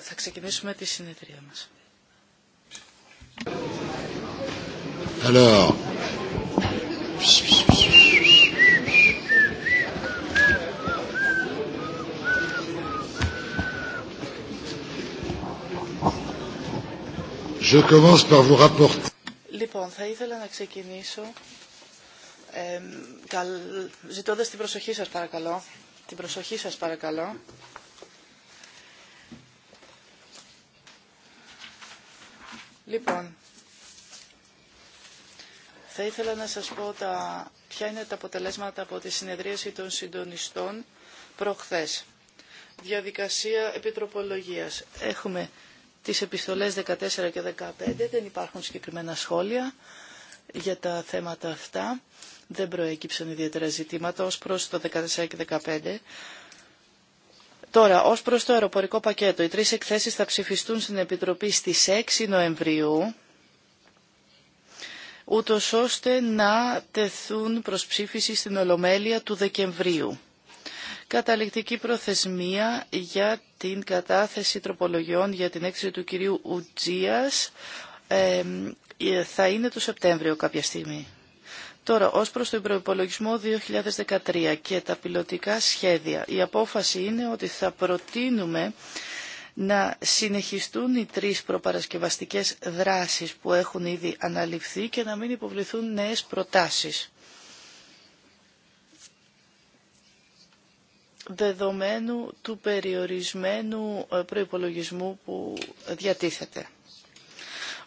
θα, ξεκινήσουμε τη συνεδρία μας. Hello. je commence par vous rapporter. Λοιπόν, θα ήθελα να ξεκινήσω ε, καλ... ζητώντας την προσοχή σας παρακαλώ. Την προσοχή σας παρακαλώ. Λοιπόν, θα ήθελα να σας πω τα, ποια είναι τα αποτελέσματα από τη συνεδρίαση των συντονιστών προχθές. Διαδικασία επιτροπολογίας. Έχουμε τις επιστολές 14 και 15, δεν υπάρχουν συγκεκριμένα σχόλια για τα θέματα αυτά. Δεν προέκυψαν ιδιαίτερα ζητήματα ως προς το 14 και 15. Τώρα, ως προς το αεροπορικό πακέτο, οι τρεις εκθέσεις θα ψηφιστούν στην Επιτροπή στις 6 Νοεμβρίου, ούτως ώστε να τεθούν προς ψήφιση στην Ολομέλεια του Δεκεμβρίου. Καταληκτική προθεσμία για την κατάθεση τροπολογιών για την έκθεση του κυρίου Ουτζίας ε, θα είναι το Σεπτέμβριο κάποια στιγμή. Τώρα, ως προς τον προϋπολογισμό 2013 και τα πιλωτικά σχέδια, η απόφαση είναι ότι θα προτείνουμε να συνεχιστούν οι τρεις προπαρασκευαστικές δράσεις που έχουν ήδη αναλυφθεί και να μην υποβληθούν νέες προτάσεις. δεδομένου του περιορισμένου ε, προϋπολογισμού που διατίθεται.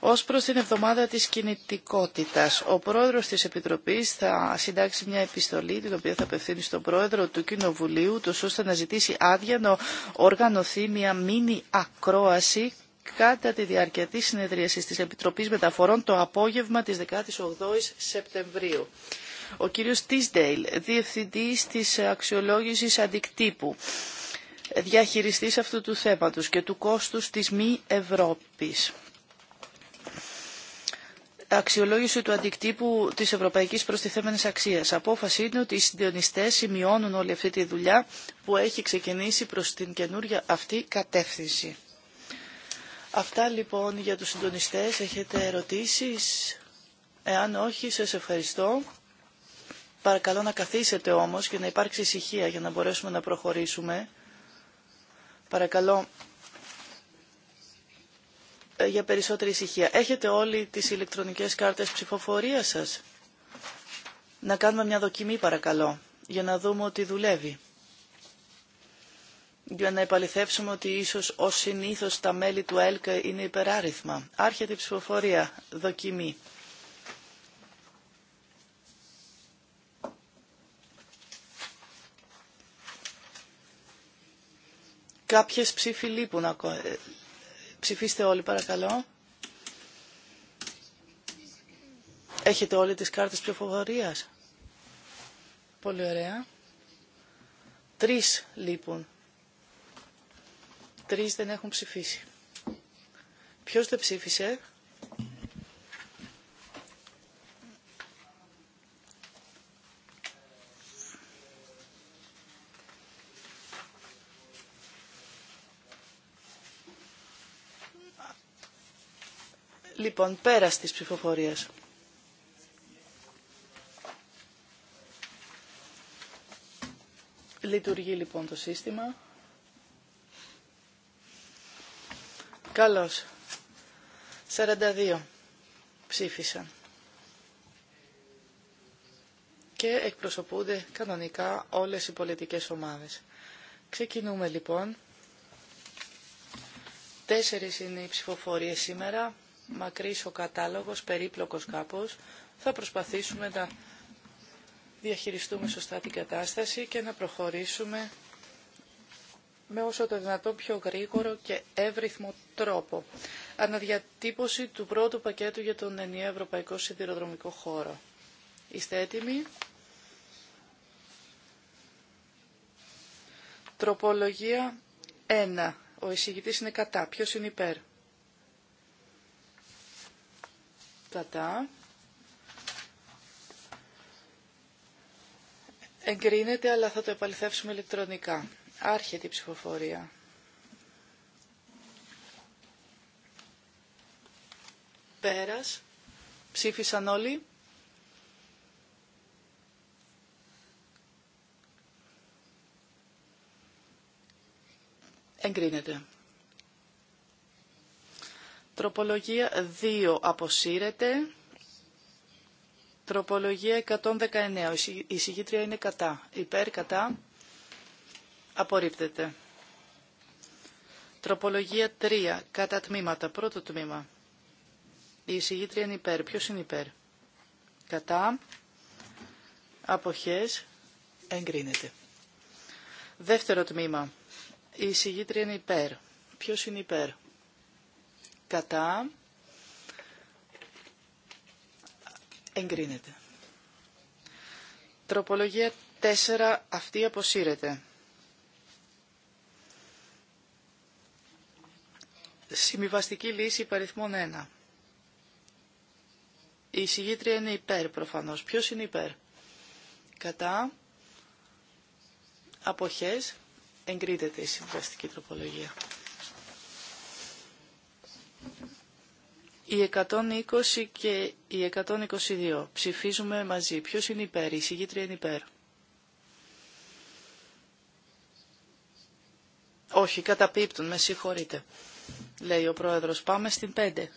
Ως προς την εβδομάδα της κινητικότητας, ο πρόεδρος της Επιτροπής θα συντάξει μια επιστολή, την οποία θα απευθύνει στον πρόεδρο του Κοινοβουλίου, του ώστε να ζητήσει άδεια να οργανωθεί μια μίνι ακρόαση κατά τη διάρκεια της συνεδρίασης της Επιτροπής Μεταφορών το απόγευμα της 18ης Σεπτεμβρίου. Ο κύριος Τίσντέιλ, διευθυντής της αξιολόγησης αντικτύπου, διαχειριστής αυτού του θέματος και του κόστους της μη Ευρώπης αξιολόγηση του αντικτύπου τη Ευρωπαϊκή προστιθέμενης Αξία. Απόφαση είναι ότι οι συντονιστέ σημειώνουν όλη αυτή τη δουλειά που έχει ξεκινήσει προ την καινούργια αυτή κατεύθυνση. Αυτά λοιπόν για του συντονιστέ, Έχετε ερωτήσει, Εάν όχι, σας ευχαριστώ. Παρακαλώ να καθίσετε όμως και να υπάρξει ησυχία για να μπορέσουμε να προχωρήσουμε. Παρακαλώ για περισσότερη ησυχία. Έχετε όλοι τις ηλεκτρονικές κάρτες ψηφοφορίας σας. Να κάνουμε μια δοκιμή παρακαλώ, για να δούμε ότι δουλεύει. Για να επαληθεύσουμε ότι ίσως ως συνήθως τα μέλη του ΕΛΚΑ είναι υπεράριθμα. Άρχεται η ψηφοφορία, δοκιμή. Κάποιες ψήφοι λείπουν ακόμα. Ψηφίστε όλοι παρακαλώ. Έχετε όλοι τις κάρτες ψηφοφορίας. Πολύ ωραία. Τρεις λείπουν. Λοιπόν. Τρεις δεν έχουν ψηφίσει. Ποιος δεν ψήφισε. λοιπόν πέρα της ψηφοφορίας. Λειτουργεί λοιπόν το σύστημα. Καλώς. 42 ψήφισαν. Και εκπροσωπούνται κανονικά όλες οι πολιτικές ομάδες. Ξεκινούμε λοιπόν. Τέσσερις είναι οι ψηφοφορίες σήμερα μακρύς ο κατάλογος, περίπλοκος κάπως. Θα προσπαθήσουμε να διαχειριστούμε σωστά την κατάσταση και να προχωρήσουμε με όσο το δυνατόν πιο γρήγορο και εύρυθμο τρόπο. Αναδιατύπωση του πρώτου πακέτου για τον ενιαίο ευρωπαϊκό σιδηροδρομικό χώρο. Είστε έτοιμοι. Τροπολογία 1. Ο εισηγητής είναι κατά. Ποιος είναι υπέρ. εγκρίνεται αλλά θα το επαληθεύσουμε ηλεκτρονικά. Άρχεται η ψηφοφορία. Πέρας. Ψήφισαν όλοι. Εγκρίνεται. Τροπολογία 2 αποσύρεται. Τροπολογία 119. Η συγκήτρια είναι κατά. Υπέρ κατά. Απορρίπτεται. Τροπολογία 3. Κατά τμήματα. Πρώτο τμήμα. Η συγγήτρια είναι υπέρ. Ποιος είναι υπέρ. Κατά. Αποχές. Εγκρίνεται. Δεύτερο τμήμα. Η συγγήτρια είναι υπέρ. Ποιος είναι υπέρ κατά, εγκρίνεται. Τροπολογία 4, αυτή αποσύρεται. Συμβιβαστική λύση Παριθμών 1. Η εισηγήτρια είναι υπέρ προφανώς. Ποιος είναι υπέρ. Κατά αποχές εγκρίνεται η συμβιβαστική τροπολογία. Οι 120 και οι 122 ψηφίζουμε μαζί. Ποιος είναι υπέρ, η συγγήτρια είναι υπέρ. Όχι, καταπίπτουν, με συγχωρείτε, λέει ο πρόεδρος. Πάμε στην 5.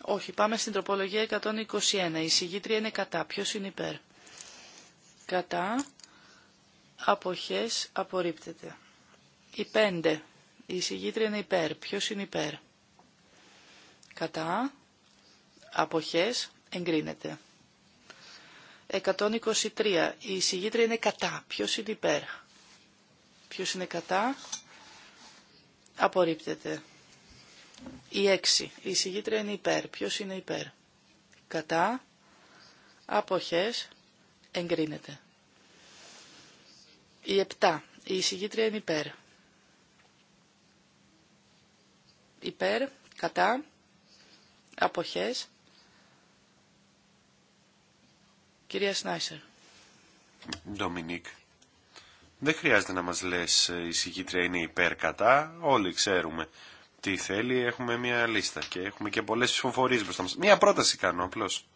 Όχι, πάμε στην τροπολογία 121. Η συγγήτρια είναι κατά. Ποιος είναι υπέρ. Κατά. Αποχές απορρίπτεται. Η 5. Η εισηγήτρια είναι υπέρ. Ποιος είναι υπέρ. Κατά. Αποχές. Εγκρίνεται. 123. Η εισηγήτρια είναι κατά. Ποιος είναι υπέρ. Ποιος είναι κατά. Απορρίπτεται. Η 6. Η εισηγήτρια είναι υπέρ. Ποιος είναι υπέρ. Κατά. Αποχές. Εγκρίνεται. Η 7. Η εισηγήτρια είναι υπέρ. υπέρ, κατά, αποχές. Κυρία Σνάισερ. Ντομινίκ, δεν χρειάζεται να μας λες ε, η συγκήτρια είναι υπέρ, κατά, όλοι ξέρουμε τι θέλει, έχουμε μια λίστα και έχουμε και πολλές ψηφοφορίες μπροστά μας. Μια πρόταση κάνω απλώς.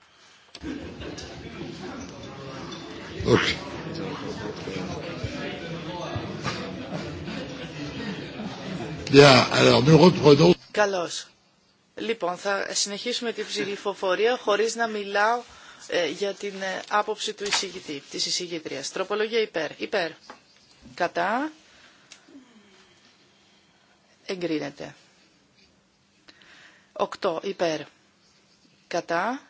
Όχι. alors nous Καλώς. Λοιπόν, θα συνεχίσουμε την ψηφοφορία χωρίς να μιλάω ε, για την ε, άποψη του εισηγητή, της εισηγητρίας. Τροπολογία υπέρ. Υπέρ. Κατά. Εγκρίνεται. Οκτώ. Υπέρ. Κατά.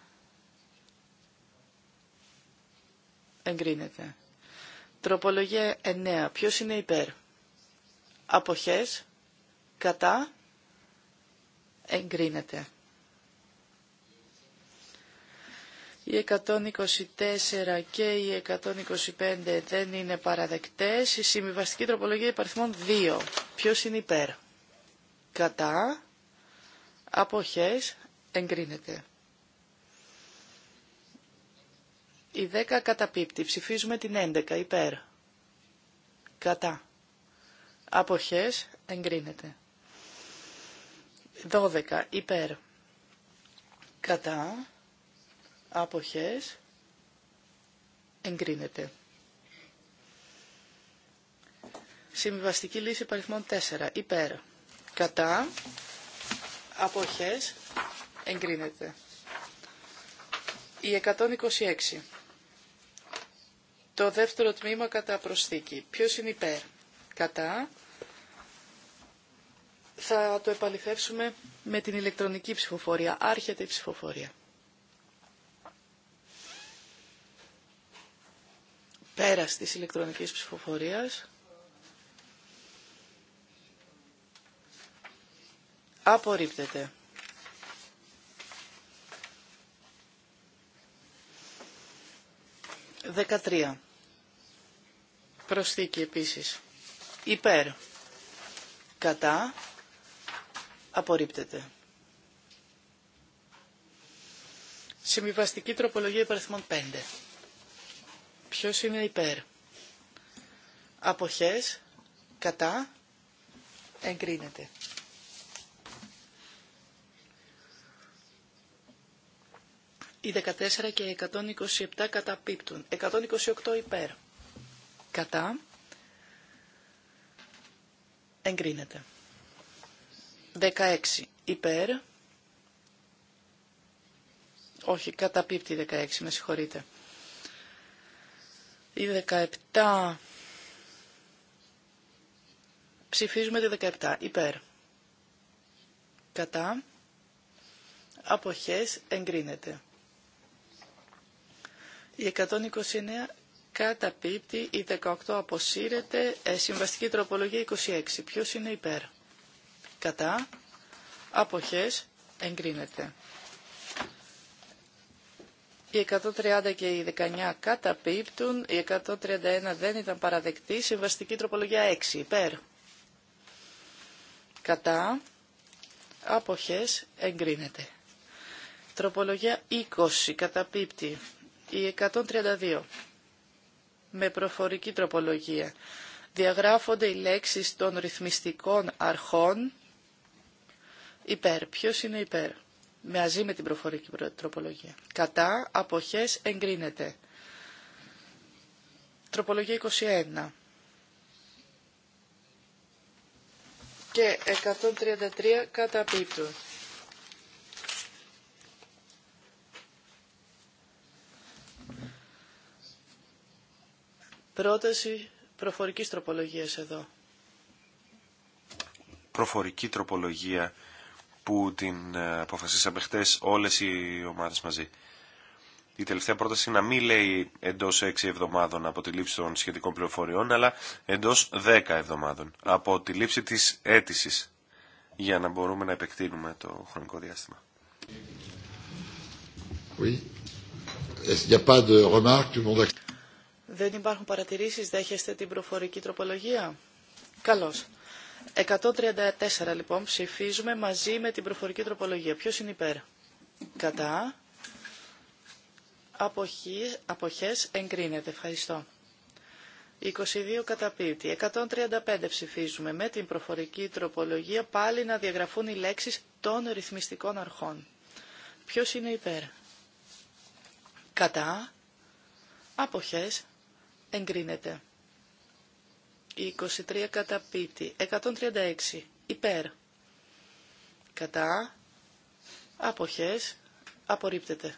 Εγκρίνεται. Τροπολογία 9. Ποιος είναι υπέρ. Αποχές. Κατά εγκρίνεται. Οι 124 και οι 125 δεν είναι παραδεκτές. Η συμβιβαστική τροπολογία υπαριθμών 2. Ποιος είναι υπέρ. Κατά. Αποχές. Εγκρίνεται. Η 10 καταπίπτει. Ψηφίζουμε την 11 υπέρ. Κατά. Αποχές. Εγκρίνεται. 12 υπέρ κατά άποχες εγκρίνεται. Συμβιβαστική λύση παριθμών 4 υπέρ κατά αποχές εγκρίνεται. Η 126. Το δεύτερο τμήμα κατά προσθήκη. Ποιος είναι υπέρ. Κατά θα το επαληθεύσουμε με την ηλεκτρονική ψηφοφορία. Άρχεται η ψηφοφορία. Πέρας της ηλεκτρονικής ψηφοφορίας. Απορρίπτεται. Δεκατρία. Προσθήκη επίσης. Υπέρ. Κατά. Απορρίπτεται. Συμβιβαστική τροπολογία υπαριθμών 5. Ποιος είναι υπέρ. Αποχές. Κατά. Εγκρίνεται. Οι 14 και 127 καταπίπτουν. 128 υπέρ. Κατά. Εγκρίνεται. 16 υπέρ. Όχι, καταπίπτει 16, με συγχωρείτε. Η 17. Ψηφίζουμε τη 17 υπέρ. Κατά. Αποχές εγκρίνεται. Η 129 καταπίπτει, η 18 αποσύρεται, ε, συμβαστική τροπολογία 26. Ποιος είναι υπέρ κατά, αποχές, εγκρίνεται. Οι 130 και οι 19 καταπίπτουν, Οι 131 δεν ήταν παραδεκτή, συμβαστική τροπολογία 6, υπέρ. Κατά, αποχές, εγκρίνεται. Τροπολογία 20, καταπίπτει, Οι 132, με προφορική τροπολογία. Διαγράφονται οι λέξεις των ρυθμιστικών αρχών Υπέρ. Ποιο είναι υπέρ. Με με την προφορική τροπολογία. Κατά αποχές εγκρίνεται. Τροπολογία 21. και 133 καταπίπτουν. Πρόταση προφορικής τροπολογίας εδώ. Προφορική τροπολογία που την ε, αποφασίσαμε χτε όλες οι ομάδες μαζί. Η τελευταία πρόταση να μην λέει εντός 6 εβδομάδων από τη λήψη των σχετικών πληροφοριών, αλλά εντός 10 εβδομάδων από τη λήψη της αίτηση για να μπορούμε να επεκτείνουμε το χρονικό διάστημα. Δεν υπάρχουν παρατηρήσεις, δέχεστε την προφορική τροπολογία. Καλώς. 134 λοιπόν ψηφίζουμε μαζί με την προφορική τροπολογία. Ποιος είναι υπέρ. Κατά. Αποχή, αποχές εγκρίνεται. Ευχαριστώ. 22 καταπίπτει. 135 ψηφίζουμε με την προφορική τροπολογία πάλι να διαγραφούν οι λέξεις των ρυθμιστικών αρχών. Ποιος είναι υπέρ. Κατά. Αποχές εγκρίνεται. 23 πίτη. 136 υπέρ. Κατά. Αποχές. Απορρίπτεται.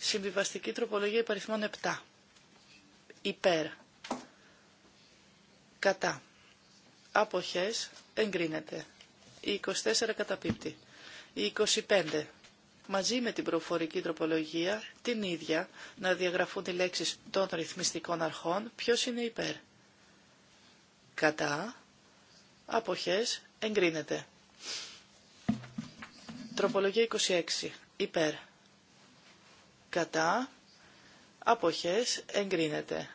Συμβιβαστική τροπολογία υπαριθμών 7. Υπέρ. Κατά. Αποχές. Εγκρίνεται. Η 24 καταπίπτει. Η 25. Μαζί με την προφορική τροπολογία, την ίδια, να διαγραφούν οι λέξεις των ρυθμιστικών αρχών, ποιος είναι υπέρ κατά, αποχές, εγκρίνεται. Τροπολογία 26. Υπέρ. Κατά. Αποχές. Εγκρίνεται.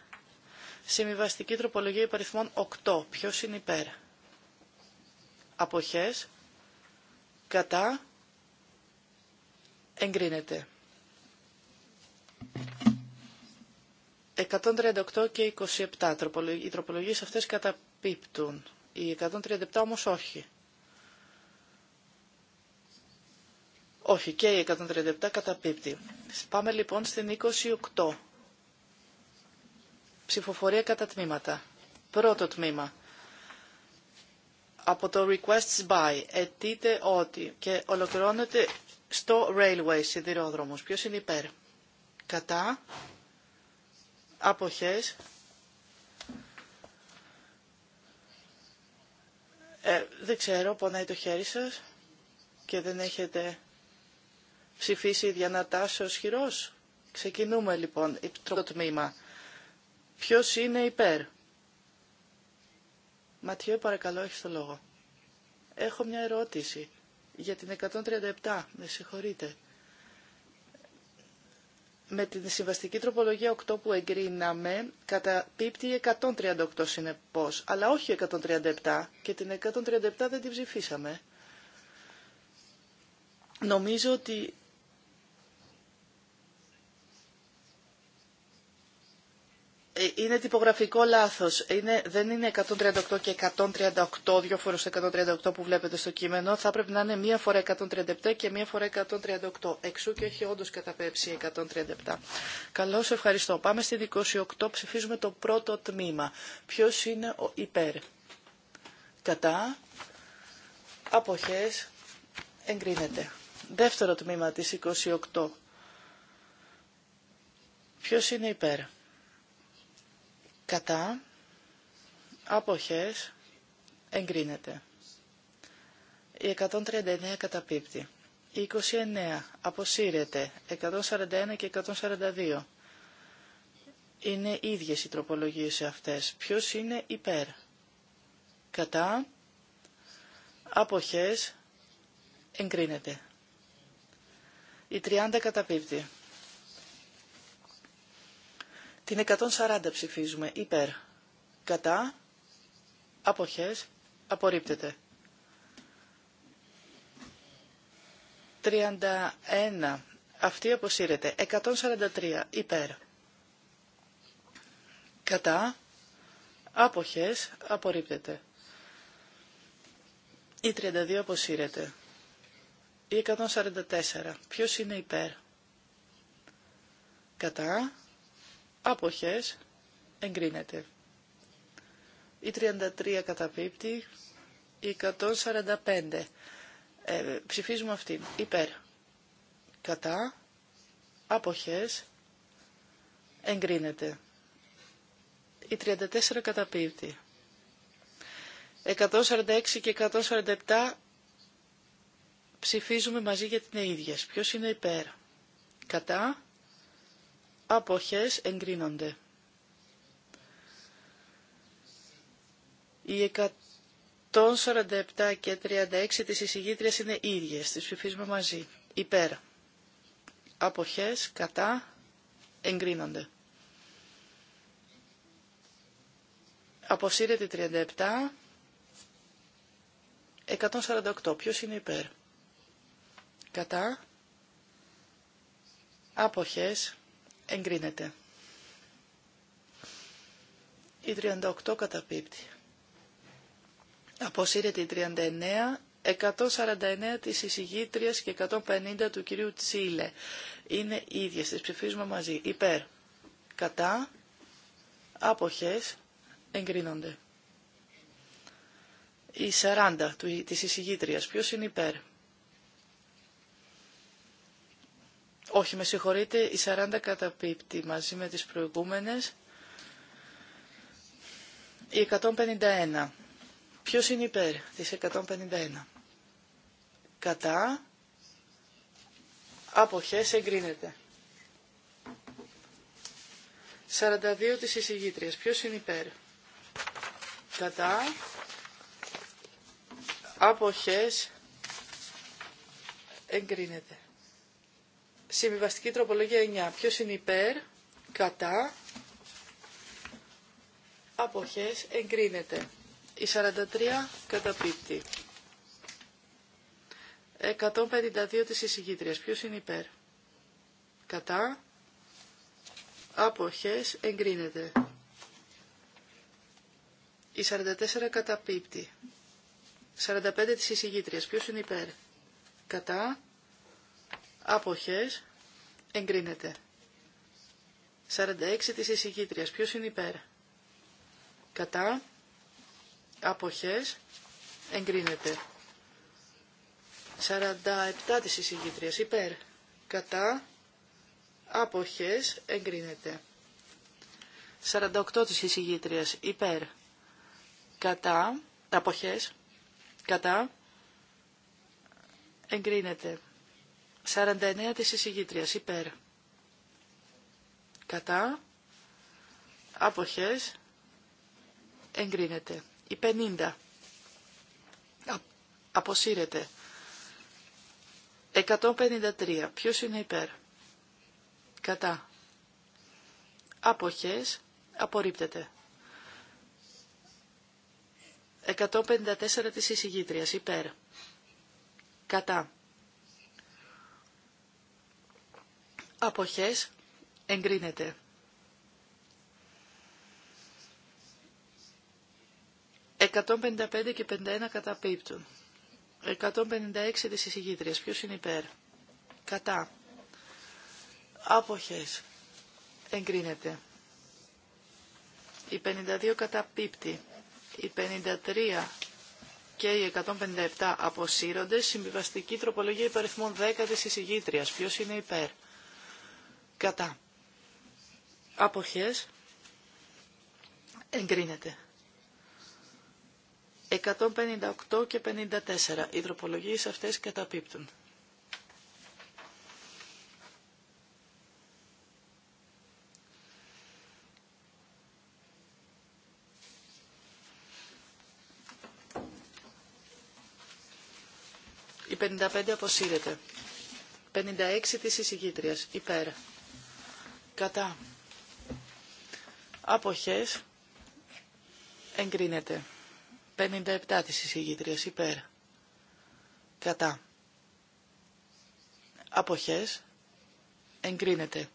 Συμβιβαστική τροπολογία υπαριθμών 8. Ποιος είναι υπέρ. Αποχές. Κατά. Εγκρίνεται. 138 και 27. Οι τροπολογίες αυτές πίπτουν. Οι 137 όμως όχι. Όχι, και η 137 καταπίπτει. Πάμε λοιπόν στην 28. Ψηφοφορία κατά τμήματα. Πρώτο τμήμα. Από το requests by ετείται ότι και ολοκληρώνεται στο railway σιδηρόδρομος. Ποιος είναι υπέρ. Κατά. Αποχές. Ε, δεν ξέρω, πονάει το χέρι σας και δεν έχετε ψηφίσει ως χειρός. Ξεκινούμε λοιπόν το τμήμα. Ποιος είναι υπέρ. Ματιέ, παρακαλώ, έχει το λόγο. Έχω μια ερώτηση για την 137, με συγχωρείτε με την συμβαστική τροπολογία 8 που εγκρίναμε, καταπίπτει 138 συνεπώ. αλλά όχι 137 και την 137 δεν την ψηφίσαμε. Νομίζω ότι είναι τυπογραφικό λάθος. δεν είναι 138 και 138, δύο φορές 138 που βλέπετε στο κείμενο. Θα πρέπει να είναι μία φορά 137 και μία φορά 138. Εξού και έχει όντως καταπέψει 137. Καλώ ευχαριστώ. Πάμε στη 28, ψηφίζουμε το πρώτο τμήμα. Ποιος είναι ο υπέρ. Κατά. Αποχές. Εγκρίνεται. Δεύτερο τμήμα της 28. Ποιος είναι υπέρ κατά, αποχές, εγκρίνεται. Η 139 καταπίπτει. Η 29 αποσύρεται. 141 και 142. Είναι ίδιες οι τροπολογίες σε αυτές. Ποιος είναι υπέρ. Κατά. Αποχές. Εγκρίνεται. Η 30 καταπίπτει. Την 140 ψηφίζουμε υπέρ. Κατά. Αποχές. Απορρίπτεται. 31. Αυτή αποσύρεται. 143. Υπέρ. Κατά. Άποχες. Απορρίπτεται. Η 32 αποσύρεται. Η 144. Ποιος είναι υπέρ. Κατά. Αποχές. Εγκρίνεται. Η 33 καταπίπτει. Η 145. Ε, ψηφίζουμε αυτήν. Υπέρ. Κατά. Αποχές. Εγκρίνεται. Η 34 καταπίπτει. 146 και 147 ψηφίζουμε μαζί για την ίδια. Ποιος είναι υπέρ. Κατά αποχές εγκρίνονται. Οι 147 και 36 της εισηγήτριας είναι ίδιες, τις ψηφίζουμε μαζί, υπέρ. Αποχές, κατά, εγκρίνονται. Αποσύρεται 37, 148, ποιος είναι υπέρ. Κατά, αποχές, εγκρίνεται. Η 38 καταπίπτει. Αποσύρεται η 39, 149 της εισηγήτριας και 150 του κυρίου Τσίλε. Είναι ίδιες, τις ψηφίζουμε μαζί. Υπέρ, κατά, άποχες, εγκρίνονται. Η 40 της εισηγήτριας, ποιος είναι υπέρ, Όχι, με συγχωρείτε, η 40 καταπίπτει μαζί με τις προηγούμενες. Η 151. Ποιος είναι υπέρ της 151. Κατά. Αποχές εγκρίνεται. 42 της εισηγήτριας. Ποιος είναι υπέρ. Κατά. Αποχές εγκρίνεται. Συμβιβαστική τροπολογία 9. Ποιος είναι υπέρ, κατά, αποχές, εγκρίνεται. Η 43 καταπίπτει. 152 της εισηγήτριας. Ποιος είναι υπέρ. Κατά. Αποχές εγκρίνεται. Η 44 καταπίπτει. 45 της εισηγήτριας. Ποιος είναι υπέρ. Κατά. Αποχές. Εγκρίνεται. 46 της εισηγήτριας. Ποιος είναι υπέρ. Κατά. Αποχές. Εγκρίνεται. 47 της εισηγήτριας. Υπέρ. Κατά. Αποχές. Εγκρίνεται. 48 της εισηγήτριας. Υπέρ. Κατά. Αποχές. Κατά. Εγκρίνεται. 49 της εισηγήτριας υπέρ. Κατά. Αποχές. Εγκρίνεται. Η 50. Αποσύρεται. 153. Ποιος είναι υπέρ. Κατά. Αποχές. Απορρίπτεται. 154 της εισηγήτριας υπέρ. Κατά. αποχές εγκρίνεται. «155 και 51 καταπίπτουν. 156 της εισηγήτριας. Ποιος είναι υπέρ. Κατά. Άποχες. Εγκρίνεται. Η 52 καταπίπτει. Η 53 και οι 157 αποσύρονται. Συμβιβαστική τροπολογία υπαριθμών 10 της εισηγήτριας. Ποιος είναι υπέρ κατά αποχές εγκρίνεται. 158 και 54. Οι τροπολογίες αυτές καταπίπτουν. Η 55 αποσύρεται. 56 της εισηγήτριας. Υπέρ κατά αποχές εγκρίνεται 57 της εισηγήτριας υπέρ κατά αποχές εγκρίνεται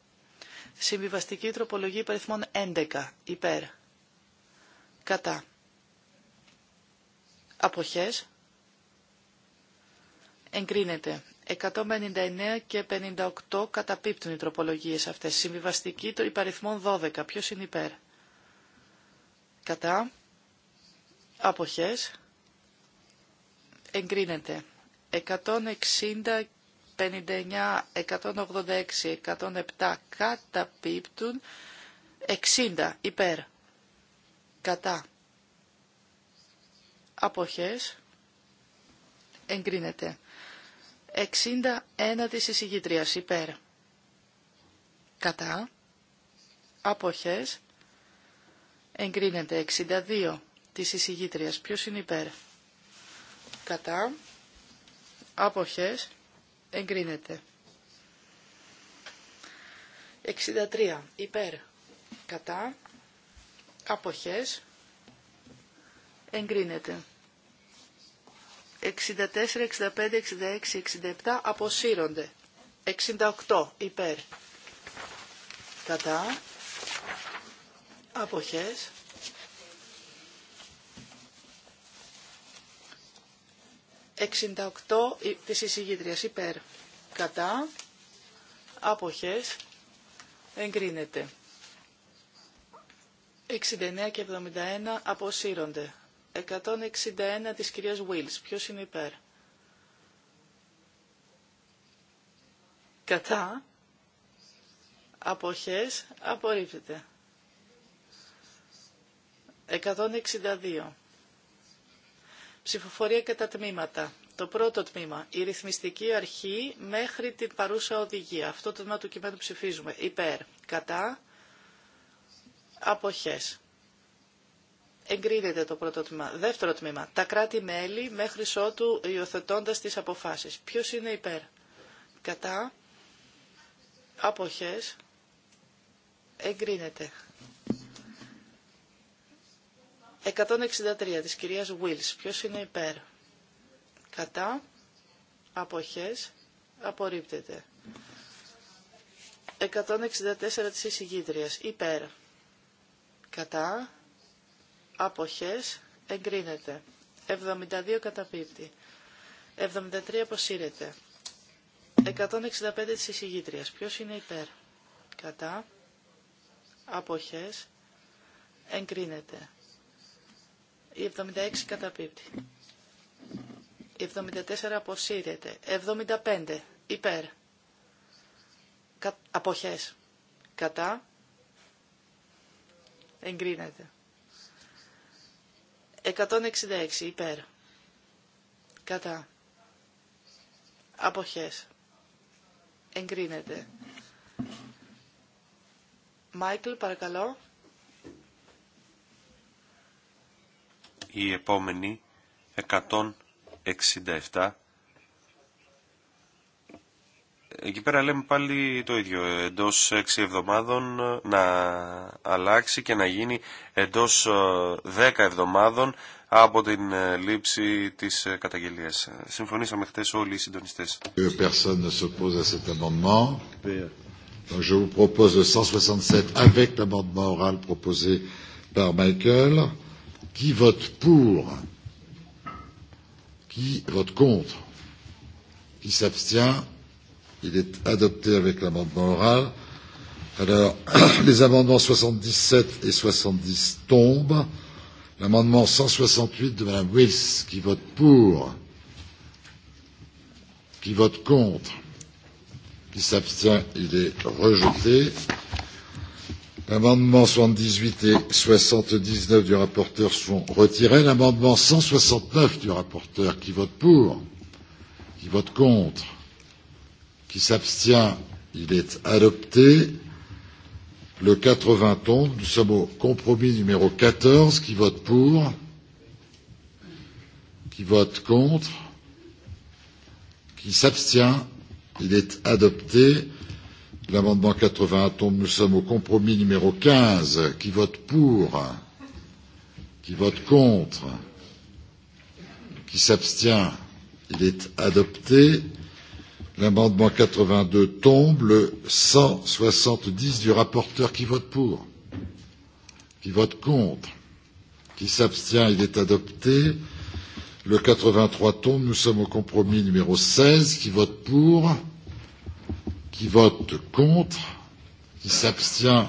συμβιβαστική τροπολογία υπεριθμών 11 υπέρ κατά αποχές εγκρίνεται 159 και 58 καταπίπτουν οι τροπολογίες αυτές. Συμβιβαστική το υπαριθμών 12. Ποιος είναι υπέρ. Κατά. Αποχές. Εγκρίνεται. 160, 59, 186, 107 καταπίπτουν. 60 υπέρ. Κατά. Αποχές. Εγκρίνεται. 61 της εισηγητρίας υπέρ. Κατά. Αποχές. Εγκρίνεται 62 της εισηγήτριας. Ποιος είναι υπέρ. Κατά. Αποχές. Εγκρίνεται. 63. Υπέρ. Κατά. Αποχές. Εγκρίνεται. 64, 65, 66, 67 αποσύρονται. 68 υπέρ. Κατά. Αποχές. «68 της εισηγήτριας υπέρ κατά αποχές εγκρίνεται. 69 και 71 αποσύρονται. 161 της κυρίας Βουίλς. Ποιος είναι υπέρ. Κατά. Αποχές. Απορρίπτεται. 162. Ψηφοφορία κατά τμήματα. Το πρώτο τμήμα. Η ρυθμιστική αρχή μέχρι την παρούσα οδηγία. Αυτό το τμήμα του κειμένου ψηφίζουμε. Υπέρ. Κατά. Αποχές εγκρίνεται το πρώτο τμήμα. Δεύτερο τμήμα. Τα κράτη-μέλη μέχρι ότου υιοθετώντα τι αποφάσει. Ποιο είναι υπέρ. Κατά. Αποχέ. Εγκρίνεται. 163 της κυρίας Wills. Ποιος είναι υπέρ. Κατά. Αποχές. Απορρίπτεται. 164 της εισηγήτριας. Υπέρ. Κατά αποχές εγκρίνεται. 72 καταπίπτει. 73 αποσύρεται. 165 της εισηγήτριας. Ποιος είναι υπέρ. Κατά. Αποχές. Εγκρίνεται. Η 76 καταπίπτει. Η 74 αποσύρεται. 75 υπέρ. Κα... Αποχές. Κατά. Εγκρίνεται. 166 υπέρ. Κατά. Αποχές. Εγκρίνεται. Μάικλ, παρακαλώ. Η επόμενη 167 εκεί πέρα λέμε πάλι το ίδιο. Εντός 6 εβδομάδων να αλλάξει και να γίνει εντός 10 ε, εβδομάδων από την ε, λήψη της ε, καταγγελίας. Συμφωνήσαμε χτες όλοι οι συντονιστές. 167 Qui vote contre Qui s'abstient Il est adopté avec l'amendement oral. Alors, les amendements 77 et 70 tombent. L'amendement 168 de Mme Wills, qui vote pour, qui vote contre, qui s'abstient, il est rejeté. L'amendement 78 et 79 du rapporteur sont retirés. L'amendement 169 du rapporteur, qui vote pour, qui vote contre, qui s'abstient, il est adopté. Le 80 tombe. Nous sommes au compromis numéro 14. Qui vote pour Qui vote contre Qui s'abstient Il est adopté. L'amendement 80 tombe. Nous sommes au compromis numéro 15. Qui vote pour Qui vote contre Qui s'abstient Il est adopté. L'amendement 82 tombe. Le 170 du rapporteur qui vote pour. Qui vote contre. Qui s'abstient. Il est adopté. Le 83 tombe. Nous sommes au compromis numéro 16. Qui vote pour. Qui vote contre. Qui s'abstient.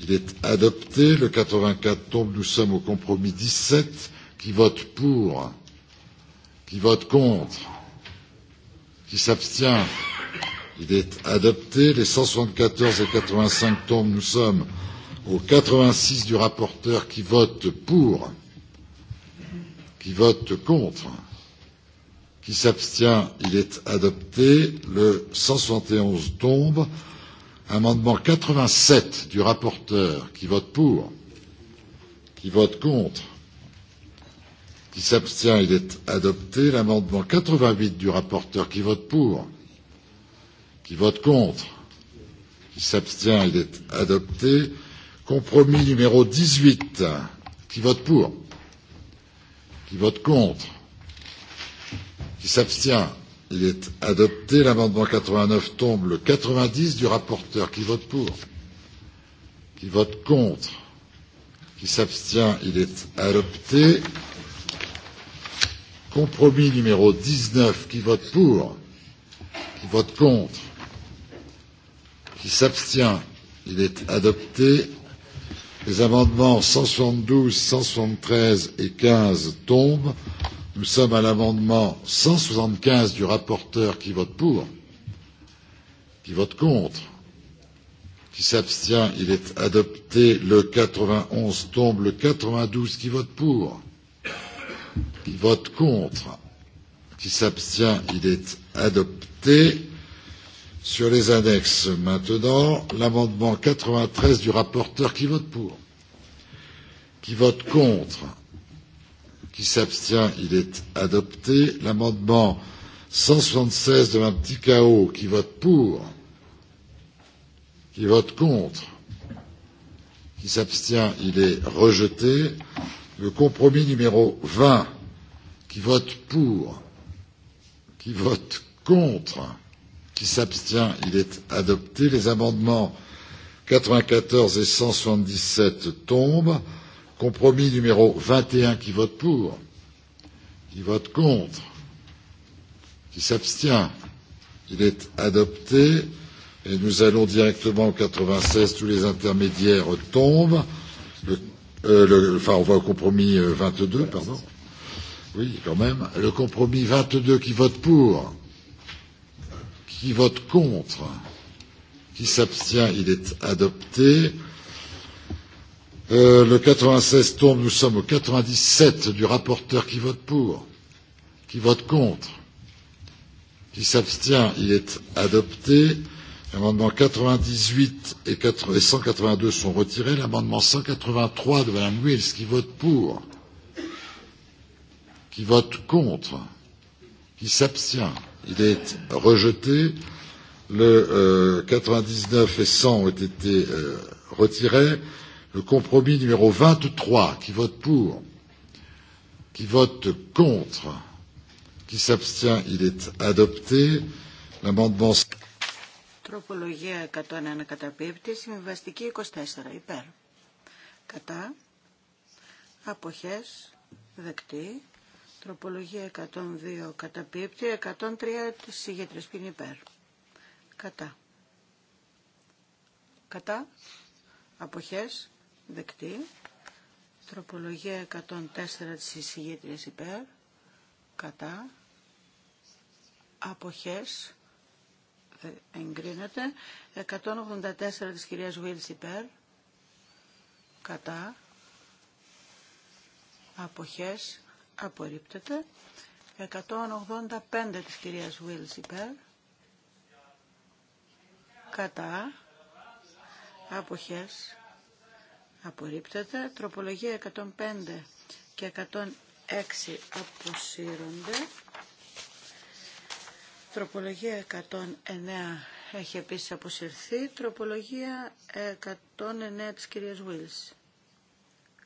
Il est adopté. Le 84 tombe. Nous sommes au compromis 17. Qui vote pour. Qui vote contre qui s'abstient. Il est adopté. Les 174 et 85 tombent. Nous sommes au 86 du rapporteur qui vote pour, qui vote contre, qui s'abstient. Il est adopté. Le 171 tombe. Amendement 87 du rapporteur qui vote pour, qui vote contre, qui s'abstient, il est adopté. L'amendement 88 du rapporteur qui vote pour, qui vote contre, qui s'abstient, il est adopté. Compromis numéro 18, qui vote pour, qui vote contre, qui s'abstient, il est adopté. L'amendement 89 tombe. Le 90 du rapporteur qui vote pour, qui vote contre, qui s'abstient, il est adopté. Compromis numéro 19. Qui vote pour Qui vote contre Qui s'abstient Il est adopté. Les amendements 172, 173 et 15 tombent. Nous sommes à l'amendement 175 du rapporteur qui vote pour, qui vote contre, qui s'abstient. Il est adopté. Le 91 tombe. Le 92 qui vote pour, qui vote contre, qui s'abstient, il est adopté. Sur les annexes maintenant, l'amendement 93 du rapporteur qui vote pour, qui vote contre, qui s'abstient, il est adopté. L'amendement 176 de Mme Ticao qui vote pour, qui vote contre, qui s'abstient, il est rejeté le compromis numéro 20 qui vote pour, qui vote contre, qui s'abstient, il est adopté. Les amendements 94 et 177 tombent. Compromis numéro 21 qui vote pour, qui vote contre, qui s'abstient, il est adopté. Et nous allons directement au 96, tous les intermédiaires tombent. Le Enfin, on voit au compromis 22, pardon. Oui, quand même. Le compromis 22 qui vote pour, qui vote contre, qui s'abstient, il est adopté. Le 96 tombe, nous sommes au 97 du rapporteur qui vote pour, qui vote contre, qui s'abstient, il est adopté. L'amendement 98 et 182 sont retirés. L'amendement 183 de Mme Wills qui vote pour, qui vote contre, qui s'abstient. Il est rejeté. Le 99 et 100 ont été retirés. Le compromis numéro 23 qui vote pour, qui vote contre, qui s'abstient, il est adopté. L'amendement Τροπολογία 101 καταπίπτει, συμβιβαστική 24 υπέρ. Κατά, αποχές, δεκτή. Τροπολογία 102 καταπίπτει, 103 της ηγέτρες πίνει υπέρ. Κατά. Κατά, αποχές, δεκτή. Τροπολογία 104 της ηγέτρες υπέρ, κατά, αποχές, ε, εγκρίνεται. 184 της κυρίας Βίλς υπέρ. Κατά. Αποχές. Απορρίπτεται. 185 της κυρίας Βίλς υπέρ. Κατά. Αποχές. Απορρίπτεται. Τροπολογία 105 και 106 αποσύρονται. Τροπολογία 109 έχει επίσης αποσυρθεί. Τροπολογία 109 της κυρίας Βίλς.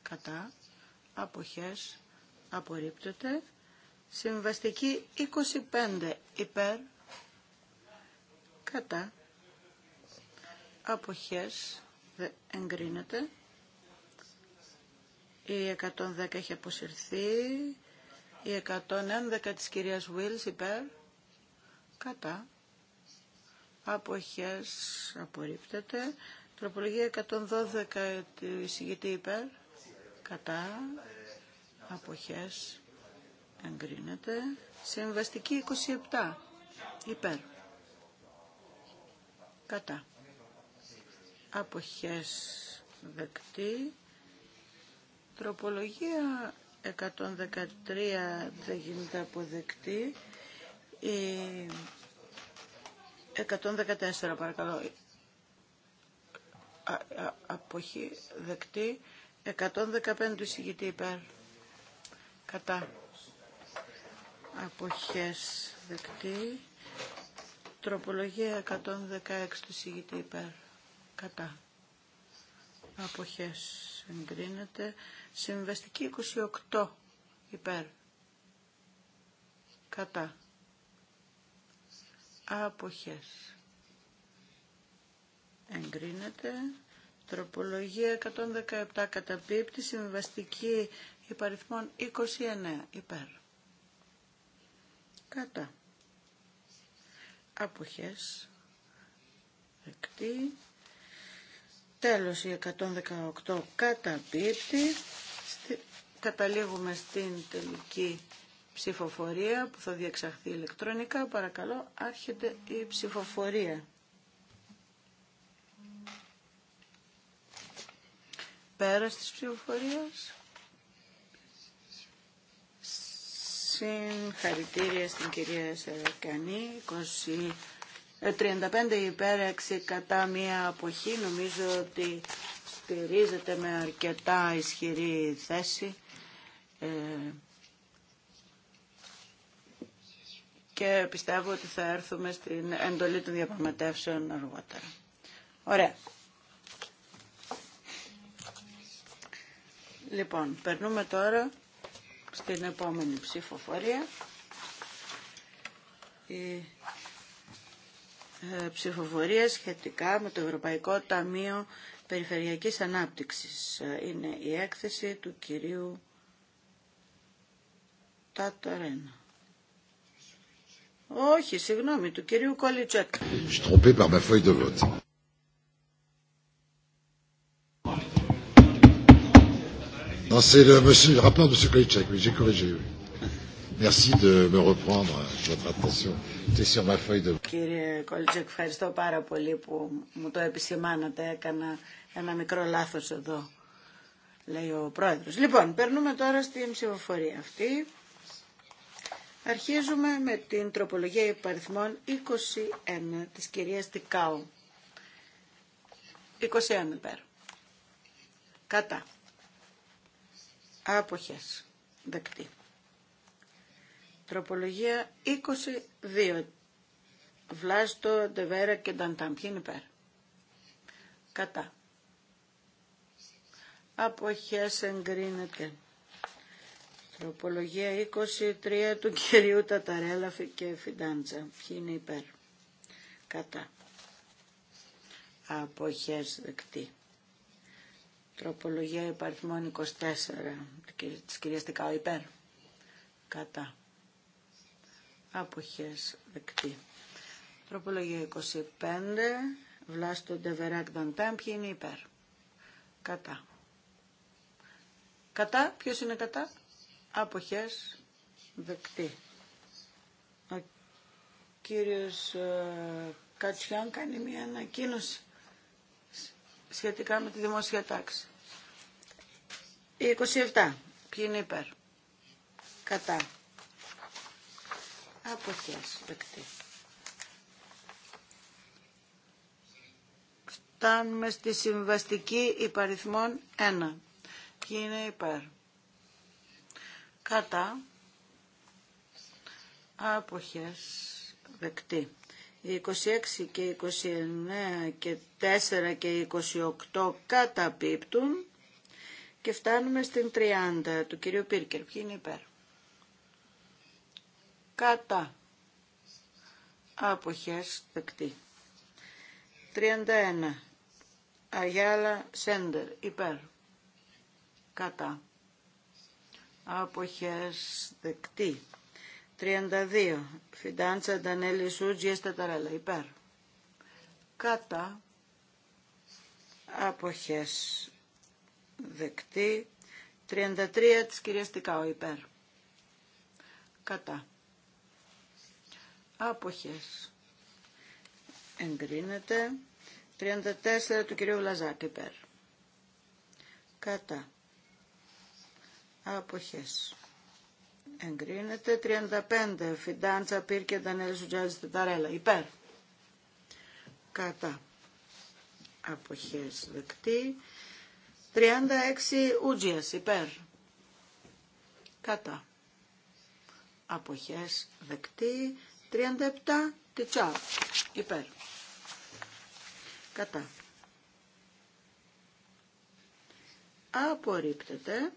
Κατά. Αποχές. Απορρίπτεται. Συμβαστική 25 υπέρ. Κατά. Αποχές. Εγκρίνεται. Η 110 έχει αποσυρθεί. Η 111 της κυρίας Βίλς υπέρ κατά αποχές απορρίπτεται τροπολογία 112 του εισηγητή υπέρ κατά αποχές εγκρίνεται συμβαστική 27 υπέρ κατά αποχές δεκτή τροπολογία 113 δεν γίνεται αποδεκτή η ε, 114 παρακαλώ. αποχή δεκτή. 115 του εισηγητή υπέρ. Κατά. Αποχές δεκτή. Τροπολογία 116 του εισηγητή υπέρ. Κατά. Αποχές εγκρίνεται. Συμβεστική 28 υπέρ. Κατά αποχές. Εγκρίνεται. Τροπολογία 117 καταπίπτει συμβαστική υπαριθμών 29 υπέρ. Κατά. Αποχές. Δεκτή. Τέλος η 118 καταπίπτει. Καταλήγουμε στην τελική ψηφοφορία που θα διεξαχθεί ηλεκτρονικά. Παρακαλώ, άρχεται η ψηφοφορία. Πέρας της ψηφοφορίας. Συγχαρητήρια στην κυρία Σερακανή. 20... 35 ε, υπέρ 6 κατά μία αποχή. Νομίζω ότι στηρίζεται με αρκετά ισχυρή θέση. Ε, και πιστεύω ότι θα έρθουμε στην εντολή των διαπραγματεύσεων αργότερα. Ωραία. Λοιπόν, περνούμε τώρα στην επόμενη ψηφοφορία. Η ε, ψηφοφορία σχετικά με το Ευρωπαϊκό Ταμείο Περιφερειακής Ανάπτυξης. Είναι η έκθεση του κυρίου Τάτορένα. Όχι, συγγνώμη, του κυρίου Κολιτσέκ. Κύριε Κολιτσέκ, ευχαριστώ πάρα πολύ που μου το επισημάνατε. Έκανα ένα μικρό λάθος εδώ, λέει ο πρόεδρος. Λοιπόν, περνούμε τώρα στην ψηφοφορία αυτή. Αρχίζουμε με την τροπολογία υπαριθμών 21 της κυρίας Τικάου. 21 υπέρ. Κατά. Άποχες. Δεκτή. Τροπολογία 22. Βλάστο, Ντεβέρα και Νταντάμ. Ποιοι είναι υπέρ. Κατά. Αποχές εγκρίνεται. Τροπολογία 23 του κυρίου Ταταρέλα και Φιντάντζα. Ποιοι είναι υπέρ. Κατά. Αποχές δεκτή. Τροπολογία υπαριθμών 24 της κυρίας Τικάου υπέρ. Κατά. Αποχές δεκτή. Τροπολογία 25. Βλάστο Ντεβεράκ Νταντάμ. Ποιοι είναι υπέρ. Κατά. Κατά. Ποιος είναι κατά. Αποχές δεκτή. Ο κύριος ε, Κατσιάν κάνει μια ανακοίνωση σχετικά με τη δημόσια τάξη. Η 27. Ποιοι είναι υπέρ. Κατά. Αποχές δεκτή. Φτάνουμε στη συμβαστική υπαριθμών 1. Ποιοι είναι υπέρ κατά άποχες δεκτή. Οι 26 και 29 και 4 και 28 καταπίπτουν και φτάνουμε στην 30 του κυρίου Πίρκερ. Ποιοι είναι υπέρ. Κατά άποχες δεκτή. 31. Αγιάλα Σέντερ υπέρ. Κατά αποχές δεκτή. 32. Φιντάντσα, Ντανέλη, Σούτζι, Εσταταρέλα. Υπέρ. Κατά. Αποχές δεκτή. 33 της κυρίας Τικάου. Υπέρ. Κατά. Αποχές. Εγκρίνεται. 34 του κυρίου Λαζάκη, Υπέρ. Κατά αποχές. Εγκρίνεται 35. Φιντάντσα, Πύρ και Ντανέλη Σουτζάζη Τεταρέλα. Υπέρ. Κατά. Αποχές δεκτή. 36. Ούτζιας. Υπέρ. Κατά. Αποχές δεκτή. 37. Τιτσά. Υπέρ. Κατά. Απορρίπτεται.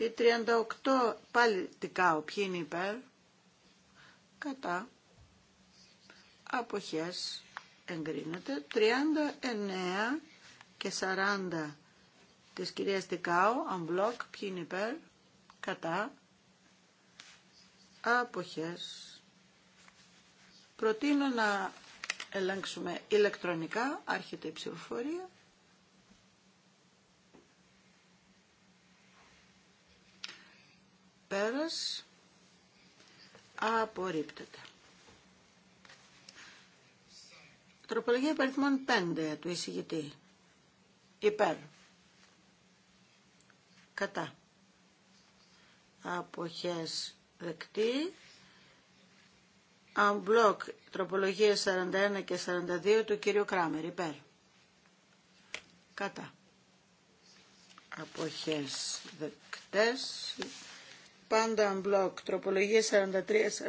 Η 38 πάλι Τικάου, Ποιοι είναι υπέρ. Κατά. Αποχές εγκρίνεται. 39 και 40 της κυρίας Τικάου, unblock, ποιοι είναι υπέρ, κατά, άποχες. Προτείνω να ελέγξουμε ηλεκτρονικά, άρχεται η ψηφοφορία. Πέρας. Απορρίπτεται. Τροπολογία υπαριθμών 5 του εισηγητή. Υπέρ. Κατά. Αποχές δεκτή. Αμπλοκ τροπολογία 41 και 42 του κύριου Κράμερ. Υπέρ. Κατά. Αποχές δεκτές πάντα μπλοκ, τροπολογιες 43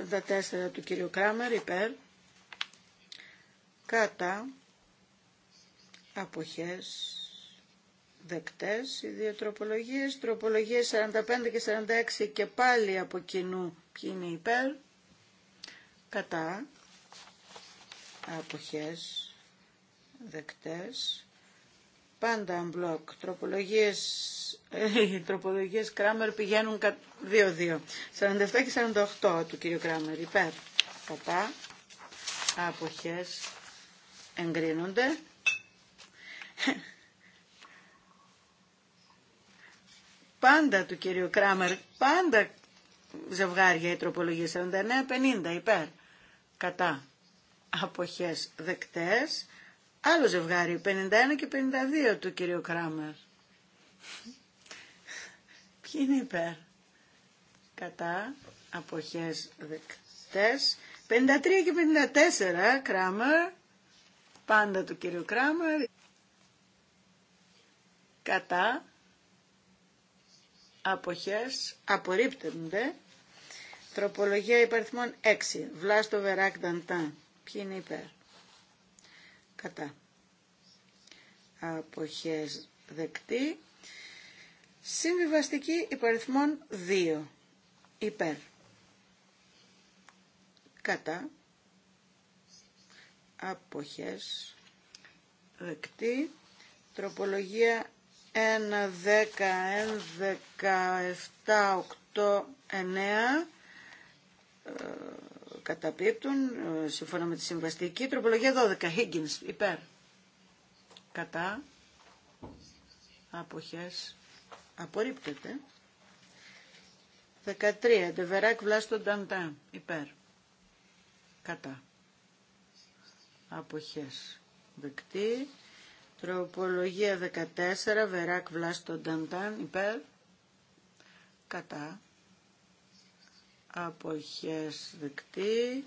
43-44 του κυρίου Κράμερ υπέρ κατά αποχές δεκτές οι δύο τροπολογίες τροπολογίες 45 και 46 και πάλι από κοινού ποιοι είναι υπέρ κατά αποχές δεκτές Πάντα unblock. οι ε, τροπολογίες Κράμερ πηγαίνουν 2-2. 47 και 48 του κύριου Κράμερ. Υπέρ. Κατά. Αποχές. Εγκρίνονται. Πάντα του κυρίου Κράμερ. Πάντα ζευγάρια οι τροπολογίε 49 49-50 υπέρ. Κατά αποχές δεκτές Άλλο ζευγάρι, 51 και 52 του κυρίου Κράμερ. Ποιοι είναι υπέρ. Κατά αποχές δεκτές. 53 και 54 Κράμερ. Πάντα του κυρίου Κράμερ. Κατά αποχές απορρίπτονται. Τροπολογία υπαριθμών 6. Βλάστο Βεράκ Νταντάν. Ποιοι είναι υπέρ κατά αποχές δεκτή συμβιβαστική υπαριθμών 2 υπέρ κατά αποχές δεκτή τροπολογία 1, 10, 11, 7, 8, 9 καταπίπτουν ε, σύμφωνα με τη συμβαστική. Τροπολογία 12. Higgins υπέρ. Κατά. Αποχές. Απορρίπτεται. 13. Ντεβεράκ βλάστο νταντά. Υπέρ. Κατά. Αποχές. Δεκτή. Τροπολογία 14. Βεράκ βλάστο Ταντάν. Υπέρ. Κατά αποχές δεκτή.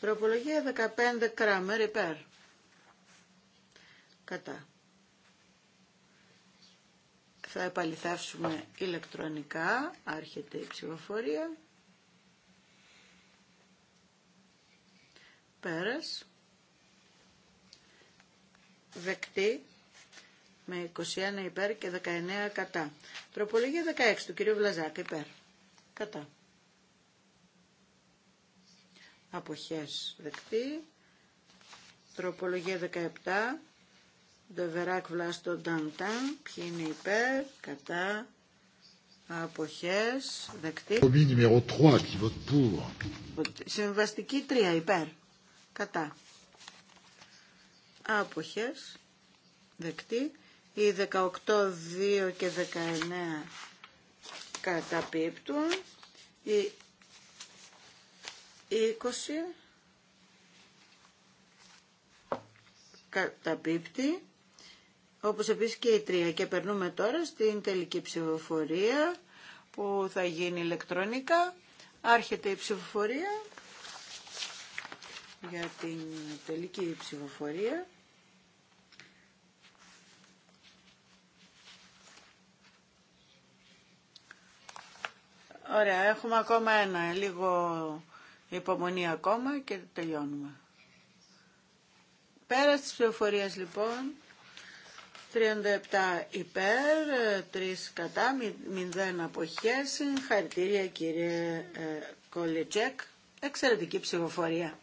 Τροπολογία 15 κράμερ υπέρ. Κατά. Θα επαληθεύσουμε ηλεκτρονικά. Άρχεται η ψηφοφορία. Πέρας. Δεκτή με 21 υπέρ και 19 κατά. Τροπολογία 16 του κυρίου Βλαζάκ υπέρ. Κατά αποχές δεκτή. Τροπολογία 17. Ντεβεράκ βλάστο νταντάν. Ποιοι είναι υπέρ, κατά, αποχές, δεκτή. Συμβαστική 3 υπέρ, κατά. Αποχές, δεκτή. Οι 18, 2 και 19 καταπίπτουν. Οι 20 καταπίπτει όπως επίσης και η 3 και περνούμε τώρα στην τελική ψηφοφορία που θα γίνει ηλεκτρονικά άρχεται η ψηφοφορία για την τελική ψηφοφορία Ωραία, έχουμε ακόμα ένα λίγο Υπομονή ακόμα και τελειώνουμε. Πέρα της ψηφοφορία λοιπόν λοιπόν, 37 υπέρ, 3 κατά, 0 αποχές. Συγχαρητήρια κύριε ε, Κολιτσέκ. Εξαιρετική ψηφοφορία.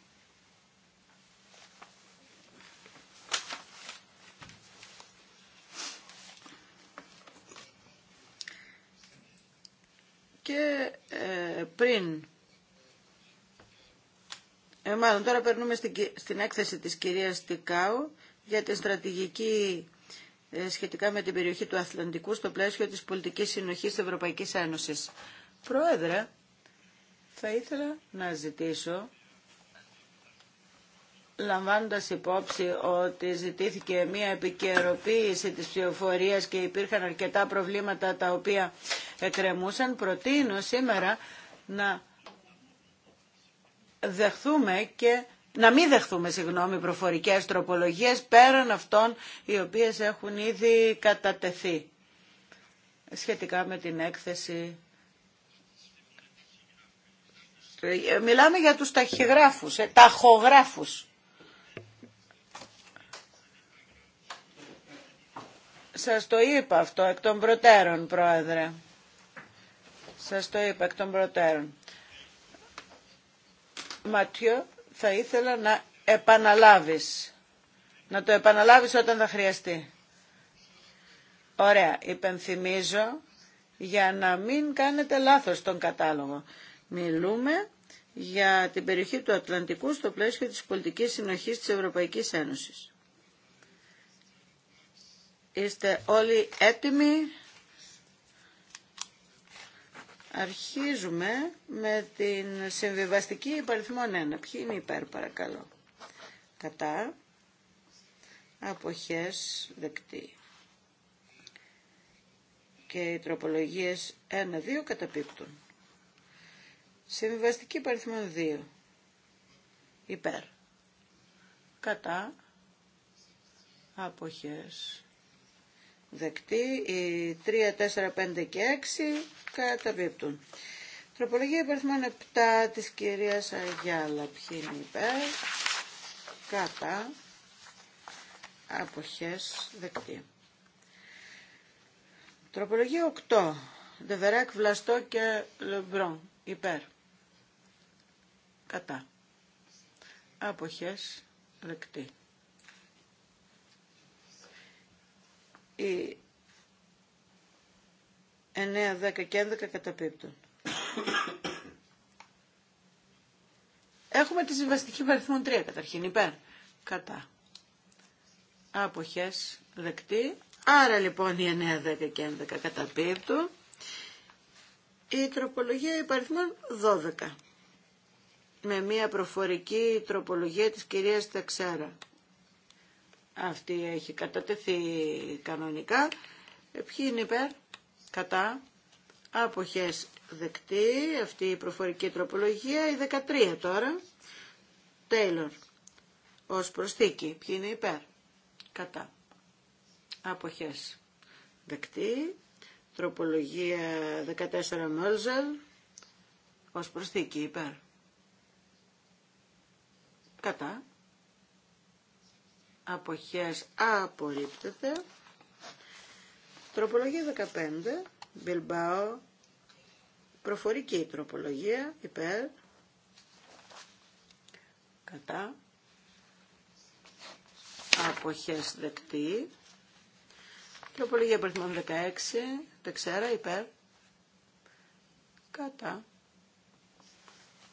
Και ε, πριν ε, μάλλον τώρα περνούμε στην, έκθεση της κυρίας Τικάου για τη στρατηγική ε, σχετικά με την περιοχή του Αθλαντικού στο πλαίσιο της πολιτικής συνοχής της Ευρωπαϊκής Ένωσης. Πρόεδρε, θα ήθελα να ζητήσω λαμβάνοντας υπόψη ότι ζητήθηκε μια επικαιροποίηση της ψηφοφορίας και υπήρχαν αρκετά προβλήματα τα οποία εκκρεμούσαν, προτείνω σήμερα να δεχθούμε και να μην δεχθούμε, συγγνώμη, προφορικές τροπολογίες πέραν αυτών οι οποίες έχουν ήδη κατατεθεί σχετικά με την έκθεση. Μιλάμε για τους ταχυγράφους, ε, ταχογράφους. Σας το είπα αυτό εκ των προτέρων, Πρόεδρε. Σας το είπα εκ των προτέρων. Ματιό, θα ήθελα να επαναλάβεις. Να το επαναλάβεις όταν θα χρειαστεί. Ωραία, υπενθυμίζω για να μην κάνετε λάθος τον κατάλογο. Μιλούμε για την περιοχή του Ατλαντικού στο πλαίσιο της πολιτικής συνοχής της Ευρωπαϊκής Ένωσης. Είστε όλοι έτοιμοι Αρχίζουμε με την συμβιβαστική υπαριθμόν 1. Ποιοι είναι υπέρ παρακαλώ. Κατά. Αποχές δεκτή. Και οι τροπολογίες 1-2 καταπίπτουν. Συμβιβαστική υπαριθμών 2. καταπιπτουν συμβιβαστικη υπαριθμόν Κατά. Αποχές δεκτή. Οι 3, 4, 5 και 6 καταπίπτουν. Τροπολογία υπερθμών 7 της κυρίας Αγιάλα. Ποιοι είναι υπέρ, κατά, αποχές, δεκτή. Τροπολογία 8. Δεβεράκ, Βλαστό και Λεμπρόν. Υπέρ. Κατά. Αποχές, δεκτή. Οι 9, 10 και 11 καταπίπτουν. Έχουμε τη συμβαστική παριθμών 3 καταρχήν υπέρ. Κατά. Αποχές δεκτή. Άρα λοιπόν οι 9, 10 και 11 καταπίπτουν. Η τροπολογία υπαριθμών 12 με μια προφορική τροπολογία της κυρίας Τεξέρα. Αυτή έχει κατατεθεί κανονικά. Ποιοι είναι υπέρ, κατά, αποχές δεκτή, αυτή η προφορική τροπολογία, η 13 τώρα, Τέιλορ, ως προσθήκη, ποιοι είναι υπέρ, κατά, αποχές δεκτή, τροπολογία 14 Μόλζελ, ως προσθήκη υπέρ, κατά, αποχές απορρίπτεται. Τροπολογία 15, Μπιλμπάο. προφορική τροπολογία, υπέρ, κατά, αποχές δεκτή. Τροπολογία 16, τεξέρα, υπέρ, κατά,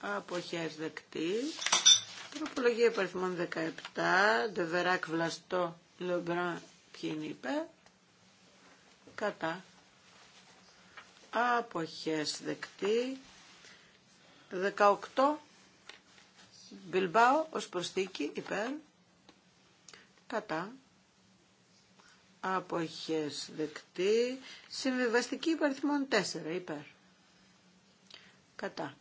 αποχές δεκτή. Τροπολογία υπαριθμών 17, Ντεβεράκ Βλαστό, Λεμπράν, ποιοι είναι κατά, αποχές δεκτή, 18, Μπιλμπάο ως προσθήκη υπέρ, κατά, αποχές δεκτή, συμβιβαστική υπαριθμών 4 υπέρ, κατά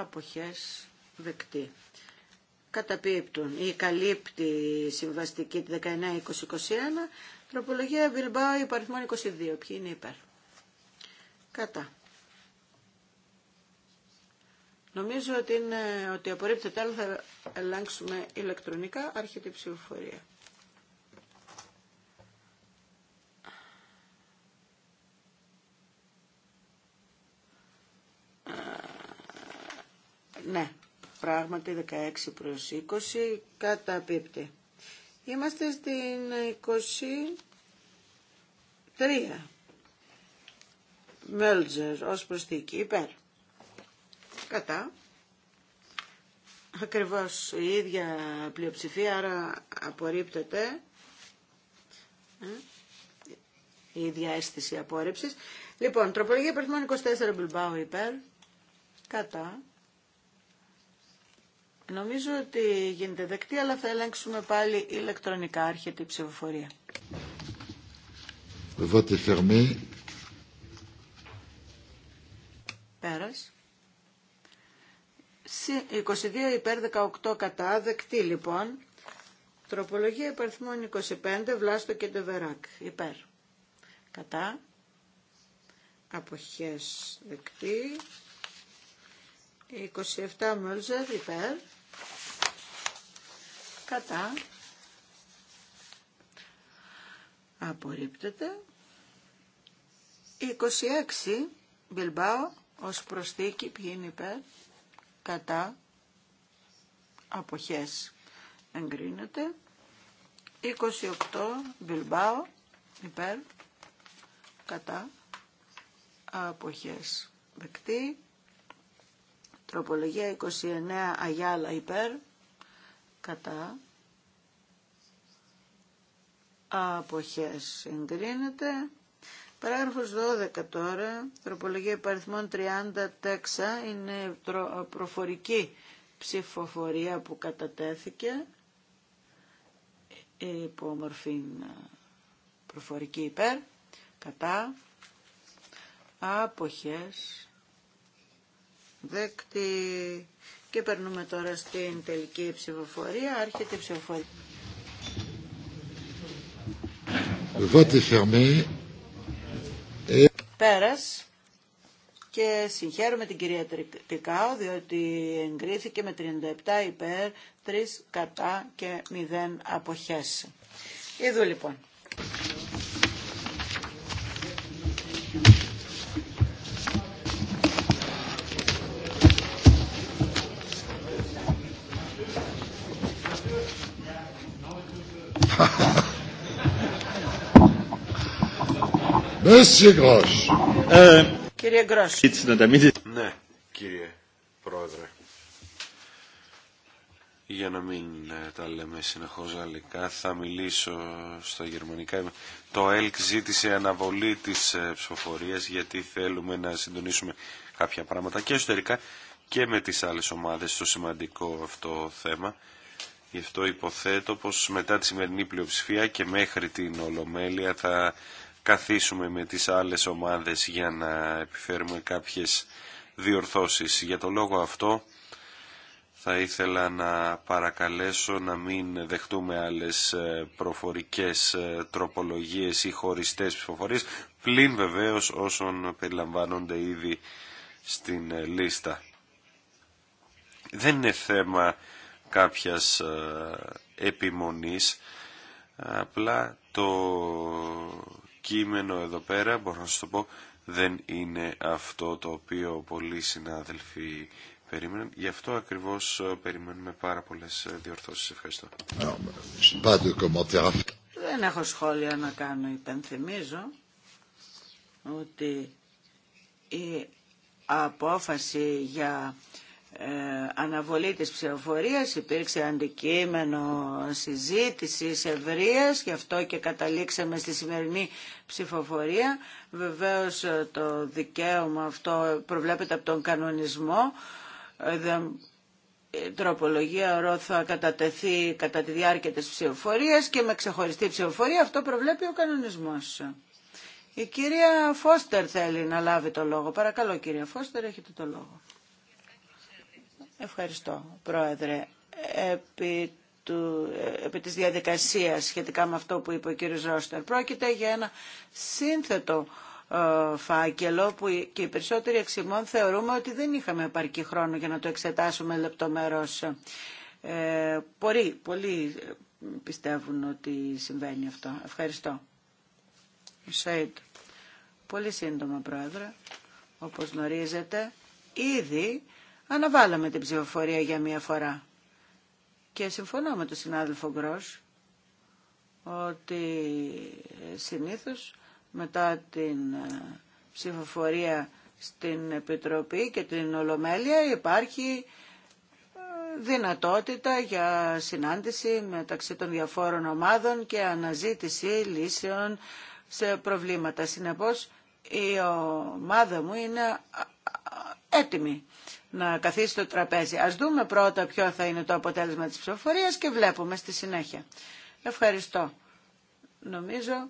αποχές δεκτή. Καταπίπτουν ή καλύπτει η συμβαστική τη 19-20-21, τροπολογία Βιλμπάου υπαριθμών 22. Ποιοι είναι υπέρ. Κατά. Νομίζω ότι, είναι, ότι απορρίπτεται, αλλά θα ελέγξουμε ηλεκτρονικά. Άρχεται η ψηφοφορία. Ναι, πράγματι 16 προς 20 καταπίπτει. Είμαστε στην 23. Μέλτζερ ως προσθήκη υπέρ. Κατά. Ακριβώς η ίδια πλειοψηφία, άρα απορρίπτεται. Ε, η ίδια αίσθηση απόρριψης. Λοιπόν, τροπολογία υπέρ 24 Μπιλμπάου υπέρ. Κατά. Νομίζω ότι γίνεται δεκτή, αλλά θα ελέγξουμε πάλι ηλεκτρονικά. Άρχεται η ψηφοφορία. Vote fermé. Πέρας. 22 υπέρ 18 κατά, δεκτή λοιπόν. Τροπολογία υπαριθμών 25, Βλάστο και Ντεβεράκ, υπέρ. Κατά. Αποχές δεκτή. 27 Μόλζερ, υπέρ κατά απορρίπτεται 26 Μπιλμπάο ως προσθήκη ποιοι υπέρ κατά αποχές εγκρίνεται 28 Μπιλμπάο υπέρ κατά αποχές δεκτή τροπολογία 29 Αγιάλα υπέρ κατά αποχές συγκρίνεται. Παράγραφος 12 τώρα, τροπολογία υπαριθμών τέξα, είναι προφορική ψηφοφορία που κατατέθηκε ε, υπό μορφή ε, προφορική υπέρ, κατά, αποχές, δέκτη και περνούμε τώρα στην τελική ψηφοφορία. Άρχεται η ψηφοφορία. Πέρας και συγχαίρουμε την κυρία Τρικάου διότι εγκρίθηκε με 37 υπέρ, 3 κατά και 0 αποχές. Είδου λοιπόν. Ε, κύριε Γκρός. Ναι, κύριε Πρόεδρε. Για να μην ε, τα λέμε συνεχώς γαλλικά, θα μιλήσω στα γερμανικά. Το ΕΛΚ ζήτησε αναβολή της ε, ψηφοφορίας γιατί θέλουμε να συντονίσουμε κάποια πράγματα και εσωτερικά και με τις άλλες ομάδες στο σημαντικό αυτό θέμα. Γι' αυτό υποθέτω πως μετά τη σημερινή πλειοψηφία και μέχρι την Ολομέλεια θα καθίσουμε με τις άλλες ομάδες για να επιφέρουμε κάποιες διορθώσεις. Για το λόγο αυτό θα ήθελα να παρακαλέσω να μην δεχτούμε άλλες ε, προφορικές ε, τροπολογίες ή χωριστές ψηφοφορίες, πλην βεβαίως όσων περιλαμβάνονται ήδη στην ε, λίστα. Δεν είναι θέμα κάποιας ε, επιμονής. Απλά το κείμενο εδώ πέρα, μπορώ να σου το πω, δεν είναι αυτό το οποίο πολλοί συνάδελφοι περίμεναν. Γι' αυτό ακριβώς ε, περιμένουμε πάρα πολλές ε, διορθώσεις. Ευχαριστώ. Δεν έχω σχόλια να κάνω. Υπενθυμίζω ότι η απόφαση για ε, αναβολή της ψηφοφορίας υπήρξε αντικείμενο συζήτησης ευρείας γι' αυτό και καταλήξαμε στη σημερινή ψηφοφορία βεβαίως ε, το δικαίωμα αυτό προβλέπεται από τον κανονισμό ε, η τροπολογία ορό θα κατατεθεί κατά τη διάρκεια της ψηφοφορίας και με ξεχωριστή ψηφοφορία αυτό προβλέπει ο κανονισμός η κυρία Φώστερ θέλει να λάβει το λόγο παρακαλώ κυρία Φώστερ έχετε το λόγο Ευχαριστώ, Πρόεδρε. Επί, του, επί της διαδικασίας σχετικά με αυτό που είπε ο κύριος Ρώστερ, πρόκειται για ένα σύνθετο ε, φάκελο που και οι περισσότεροι εξημών θεωρούμε ότι δεν είχαμε επαρκή χρόνο για να το εξετάσουμε λεπτομερώς. Ε, πολλοί, ε, πιστεύουν ότι συμβαίνει αυτό. Ευχαριστώ. Σαΐτ. Πολύ σύντομα, Πρόεδρε. Όπως γνωρίζετε, ήδη αναβάλαμε την ψηφοφορία για μία φορά. Και συμφωνώ με τον συνάδελφο Γκρός ότι συνήθως μετά την ε, ψηφοφορία στην Επιτροπή και την Ολομέλεια υπάρχει ε, δυνατότητα για συνάντηση μεταξύ των διαφόρων ομάδων και αναζήτηση λύσεων σε προβλήματα. Συνεπώς η ομάδα μου είναι ε, έτοιμη να καθίσει στο τραπέζι. Ας δούμε πρώτα ποιο θα είναι το αποτέλεσμα της ψηφοφορίας και βλέπουμε στη συνέχεια. Ευχαριστώ. Νομίζω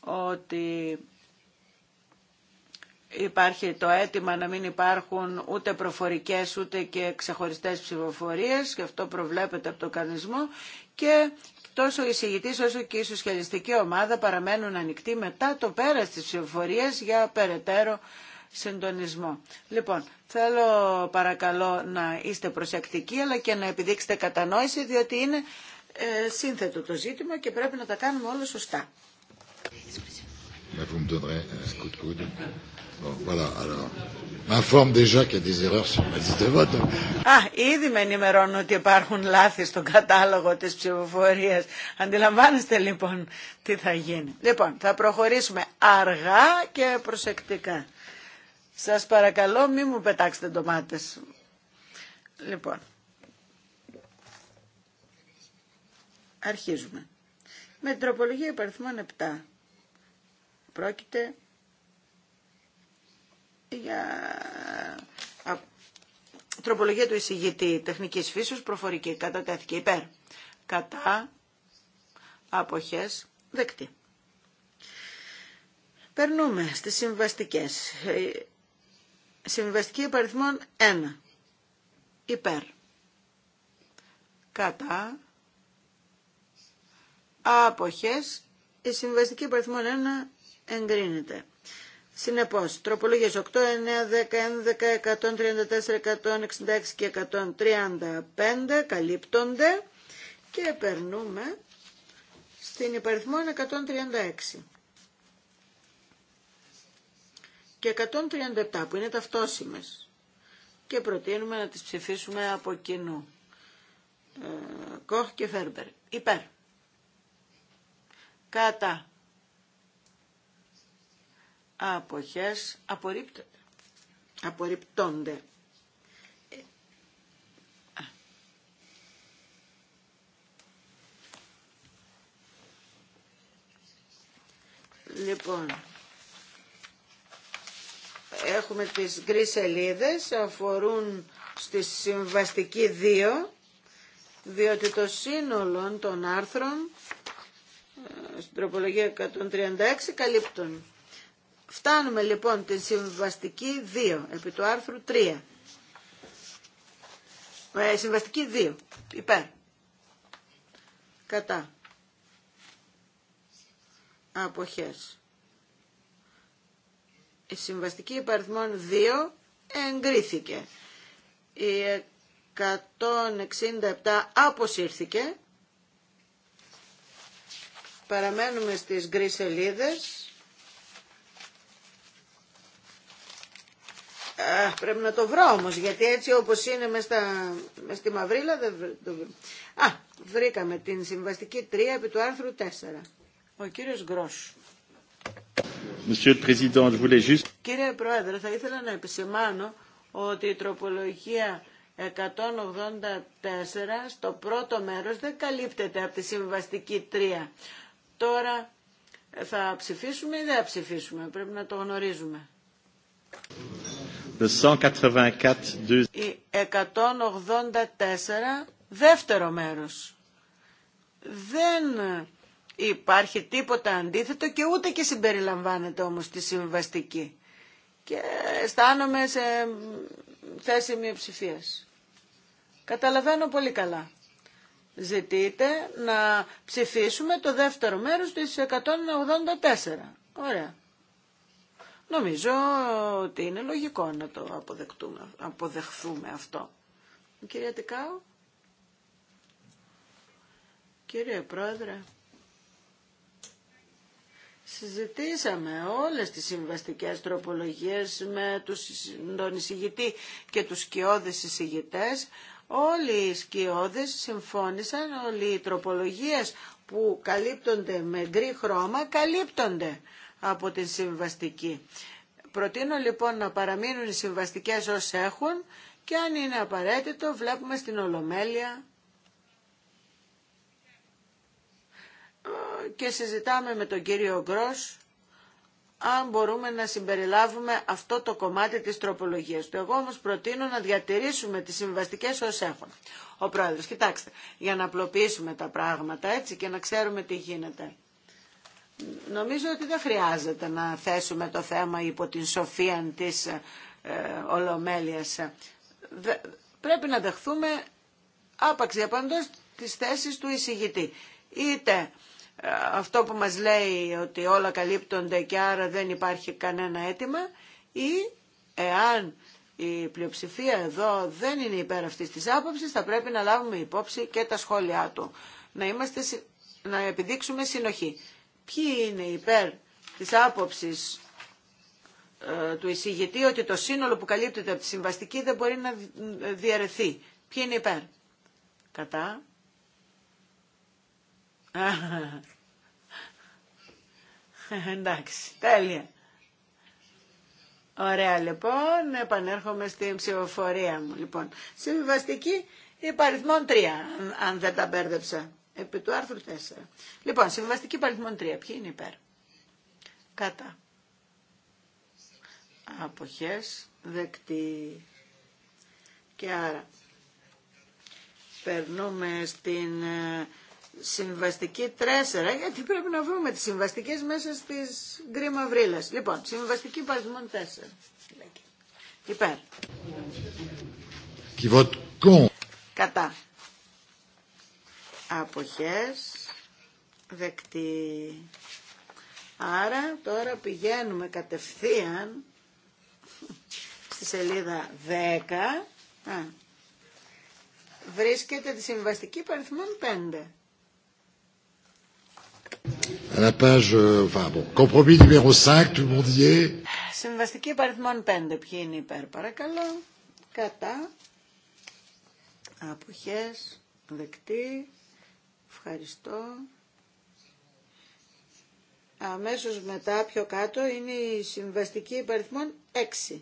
ότι υπάρχει το αίτημα να μην υπάρχουν ούτε προφορικές ούτε και ξεχωριστές ψηφοφορίες και αυτό προβλέπεται από το κανονισμό και τόσο η συγητής όσο και η σοσιαλιστική ομάδα παραμένουν ανοιχτοί μετά το πέρας της ψηφοφορίας για περαιτέρω συντονισμό. Λοιπόν, θέλω παρακαλώ να είστε προσεκτικοί αλλά και να επιδείξετε κατανόηση διότι είναι ε, σύνθετο το ζήτημα και πρέπει να τα κάνουμε όλα σωστά. Α, ήδη με ενημερώνουν ότι υπάρχουν λάθη στον κατάλογο της ψηφοφορίας. Αντιλαμβάνεστε λοιπόν τι θα γίνει. Λοιπόν, θα προχωρήσουμε αργά και προσεκτικά. Σας παρακαλώ μη μου πετάξετε ντομάτες. Λοιπόν, αρχίζουμε. Με την τροπολογία υπαριθμών 7 πρόκειται για τροπολογία του εισηγητή τεχνικής φύσεως προφορική κατατέθηκε υπέρ κατά αποχές δεκτή. Περνούμε στις συμβαστικές. Ε, Συμβιβαστική υπαριθμών 1. Υπέρ. Κατά. Άποχες. Η συμβιβαστική υπαριθμών 1 εγκρίνεται. Συνεπώς, τροπολογίες 8, 9, 10, 11, 134, 166 και 135 καλύπτονται και περνούμε στην υπαριθμό 136 και 137 που είναι ταυτόσιμες και προτείνουμε να τις ψηφίσουμε από κοινού. Ε, Κοχ και Φέρμπερ. Υπέρ. Κατά. Αποχές απορρίπτονται. Απορριπτώνται. Ε, λοιπόν, έχουμε τις γκρι σελίδες, αφορούν στη συμβαστική 2, διότι το σύνολο των άρθρων ε, στην τροπολογία 136 καλύπτουν. Φτάνουμε λοιπόν τη συμβαστική 2, επί του άρθρου 3. Ε, συμβαστική 2, υπέρ. Κατά. Αποχές. Η συμβαστική υπαριθμών 2 εγκρίθηκε. Η 167 αποσύρθηκε. Παραμένουμε στις γκρι σελίδες. πρέπει να το βρω όμως, γιατί έτσι όπως είναι μες, στα, στη μαυρίλα δεν το Α, βρήκαμε την συμβαστική 3 επί του άρθρου 4. Ο κύριος Γκρόσου. Κύριε Πρόεδρε, θα ήθελα να επισημάνω ότι η τροπολογία 184 στο πρώτο μέρος δεν καλύπτεται από τη συμβαστική 3. Τώρα θα ψηφίσουμε ή δεν θα ψηφίσουμε, πρέπει να το γνωρίζουμε. 184, Η 184 δεύτερο μέρος. Δεν υπάρχει τίποτα αντίθετο και ούτε και συμπεριλαμβάνεται όμως τη συμβαστική. Και αισθάνομαι σε θέση μειοψηφία. Καταλαβαίνω πολύ καλά. Ζητείτε να ψηφίσουμε το δεύτερο μέρος της 184. Ωραία. Νομίζω ότι είναι λογικό να το αποδεχτούμε αποδεχθούμε αυτό. Κυρία Τικάου. Κύριε Πρόεδρε. Συζητήσαμε όλες τις συμβαστικές τροπολογίες με τον εισηγητή και τους σκιώδες εισηγητές. Όλοι οι σκιώδες συμφώνησαν, όλοι οι τροπολογίες που καλύπτονται με γκρι χρώμα καλύπτονται από την συμβαστική. Προτείνω λοιπόν να παραμείνουν οι συμβαστικές ως έχουν και αν είναι απαραίτητο βλέπουμε στην Ολομέλεια και συζητάμε με τον κύριο Γκρός αν μπορούμε να συμπεριλάβουμε αυτό το κομμάτι της τροπολογίας του. Εγώ όμως προτείνω να διατηρήσουμε τις συμβαστικές ως έχουν. Ο πρόεδρος, κοιτάξτε, για να απλοποιήσουμε τα πράγματα έτσι και να ξέρουμε τι γίνεται. Νομίζω ότι δεν χρειάζεται να θέσουμε το θέμα υπό την σοφία της ε, πρέπει να δεχθούμε άπαξ απαντός τις θέσεις του εισηγητή. Είτε αυτό που μας λέει ότι όλα καλύπτονται και άρα δεν υπάρχει κανένα αίτημα ή εάν η πλειοψηφία εδώ δεν είναι υπέρ αυτής της άποψης θα πρέπει να λάβουμε υπόψη και τα σχόλιά του. Να, είμαστε, να επιδείξουμε συνοχή. Ποιοι είναι υπέρ της άποψης ε, του εισηγητή ότι το σύνολο που καλύπτεται από τη συμβαστική δεν μπορεί να διαιρεθεί. Ποιοι είναι υπέρ. Κατά. Εντάξει, τέλεια. Ωραία λοιπόν, επανέρχομαι στην ψηφοφορία μου. Λοιπόν, συμβιβαστική υπαριθμών 3, αν δεν τα μπέρδεψα, επί του άρθρου 4. Λοιπόν, συμβιβαστική υπαριθμών 3, ποιοι είναι υπέρ. Κατά. Αποχές, δεκτή. Και άρα, περνούμε στην ε, Συμβαστική 4, γιατί πρέπει να βρούμε τις συμβαστικές μέσα στις γκρίμα Λοιπόν, συμβαστική παρισμόν 4. Υπέρ. Κατά. Αποχές. Δεκτή. Άρα τώρα πηγαίνουμε κατευθείαν στη σελίδα 10. Βρίσκεται τη συμβαστική παριθμόν 5 la 5, euh, Συμβαστική υπαριθμόν 5, ποιοι είναι υπέρ, παρακαλώ. Κατά. Αποχές. Δεκτή. Ευχαριστώ. Αμέσως μετά πιο κάτω είναι η συμβαστική υπαριθμόν 6.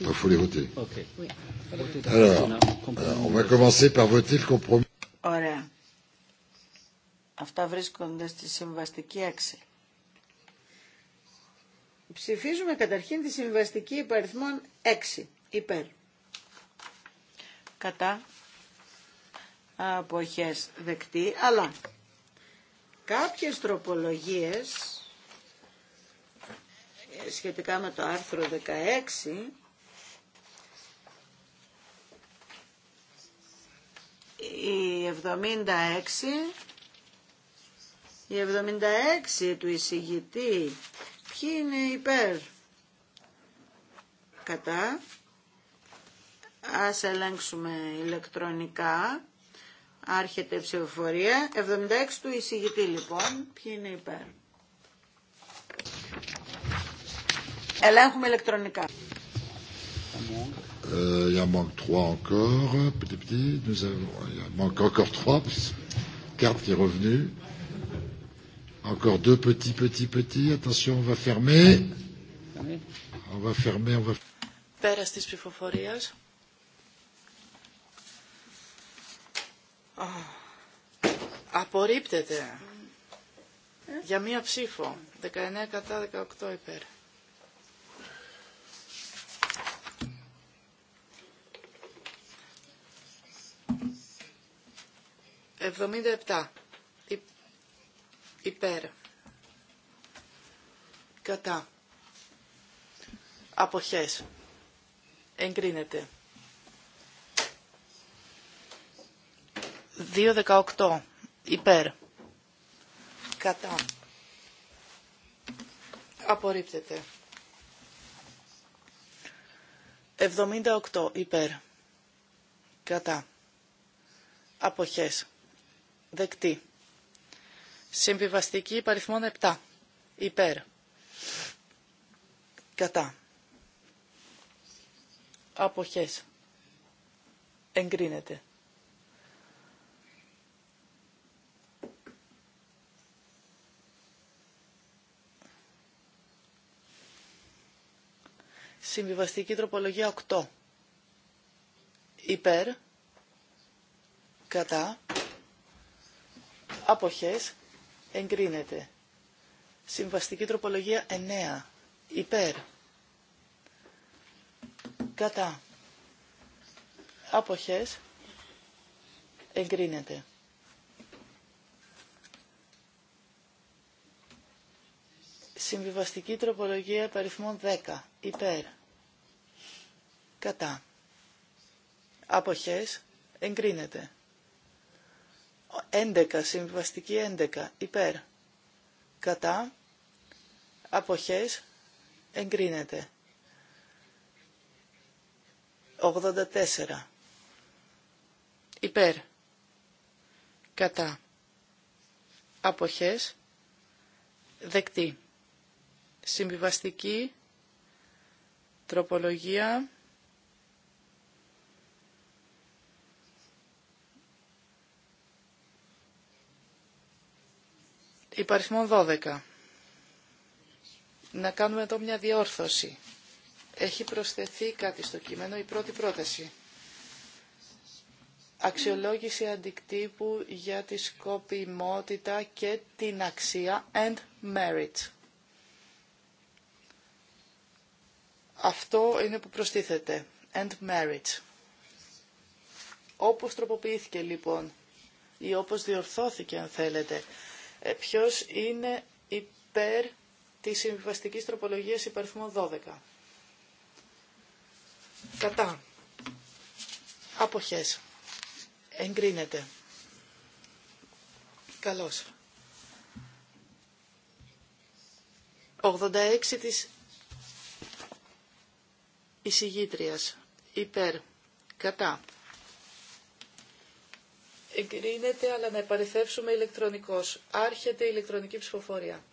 Il faut les voter. Alors, on va commencer par voter le compromis. Ωραία. Αυτά βρίσκονται στη συμβαστική 6. Ψηφίζουμε καταρχήν τη συμβαστική υπαριθμών 6. Υπέρ. Κατά. Αποχές δεκτή. Αλλά κάποιες τροπολογίες σχετικά με το άρθρο 16 η 76 η 76 του εισηγητή ποιοι είναι υπέρ κατά ας ελέγξουμε ηλεκτρονικά άρχεται η ψηφοφορία 76 του εισηγητή λοιπόν ποιοι είναι υπέρ Ελέγχουμε ηλεκτρονικά. Il y a manque trois encore, petit petit. Nous avons, il y a manque encore trois, carte qui est revenue. Encore deux petits, petits, petits. Attention, on va fermer. On va fermer, on va. Πέρας της ψηφοφορίας. Oh. Απορρίπτεται. Για μία ψήφο. 19 κατά 18 υπέρ. 77 υπέρ κατά αποχές εγκρίνεται 2.18 υπέρ κατά απορρίπτεται 78 υπέρ κατά αποχές δεκτή. Συμβιβαστική υπαριθμών 7. Υπέρ. Κατά. Αποχές. Εγκρίνεται. Συμβιβαστική τροπολογία 8. Υπέρ. Κατά αποχές εγκρίνεται. Συμβαστική τροπολογία 9. Υπέρ. Κατά. Αποχές εγκρίνεται. Συμβιβαστική τροπολογία 10. Υπέρ. Κατά. Αποχές εγκρίνεται. 11, συμβιβαστική 11, υπέρ. Κατά, αποχές, εγκρίνεται. 84. Υπέρ. Κατά. Αποχές. Δεκτή. Συμβιβαστική. Τροπολογία Υπαριθμό 12. Να κάνουμε εδώ μια διόρθωση. Έχει προσθεθεί κάτι στο κείμενο η πρώτη πρόταση. Αξιολόγηση αντικτύπου για τη σκοπιμότητα και την αξία and merit. Αυτό είναι που προστίθεται. And merit. Όπως τροποποιήθηκε λοιπόν ή όπως διορθώθηκε αν θέλετε ε, Ποιο είναι υπέρ τη συμβιβαστική τροπολογία υπαριθμό 12. Κατά. Αποχές. Εγκρίνεται. Καλώ. 86 της εισηγήτριας. Υπέρ. Κατά εγκρίνεται, αλλά να επαληθεύσουμε ηλεκτρονικώς. Άρχεται η ηλεκτρονική ψηφοφορία.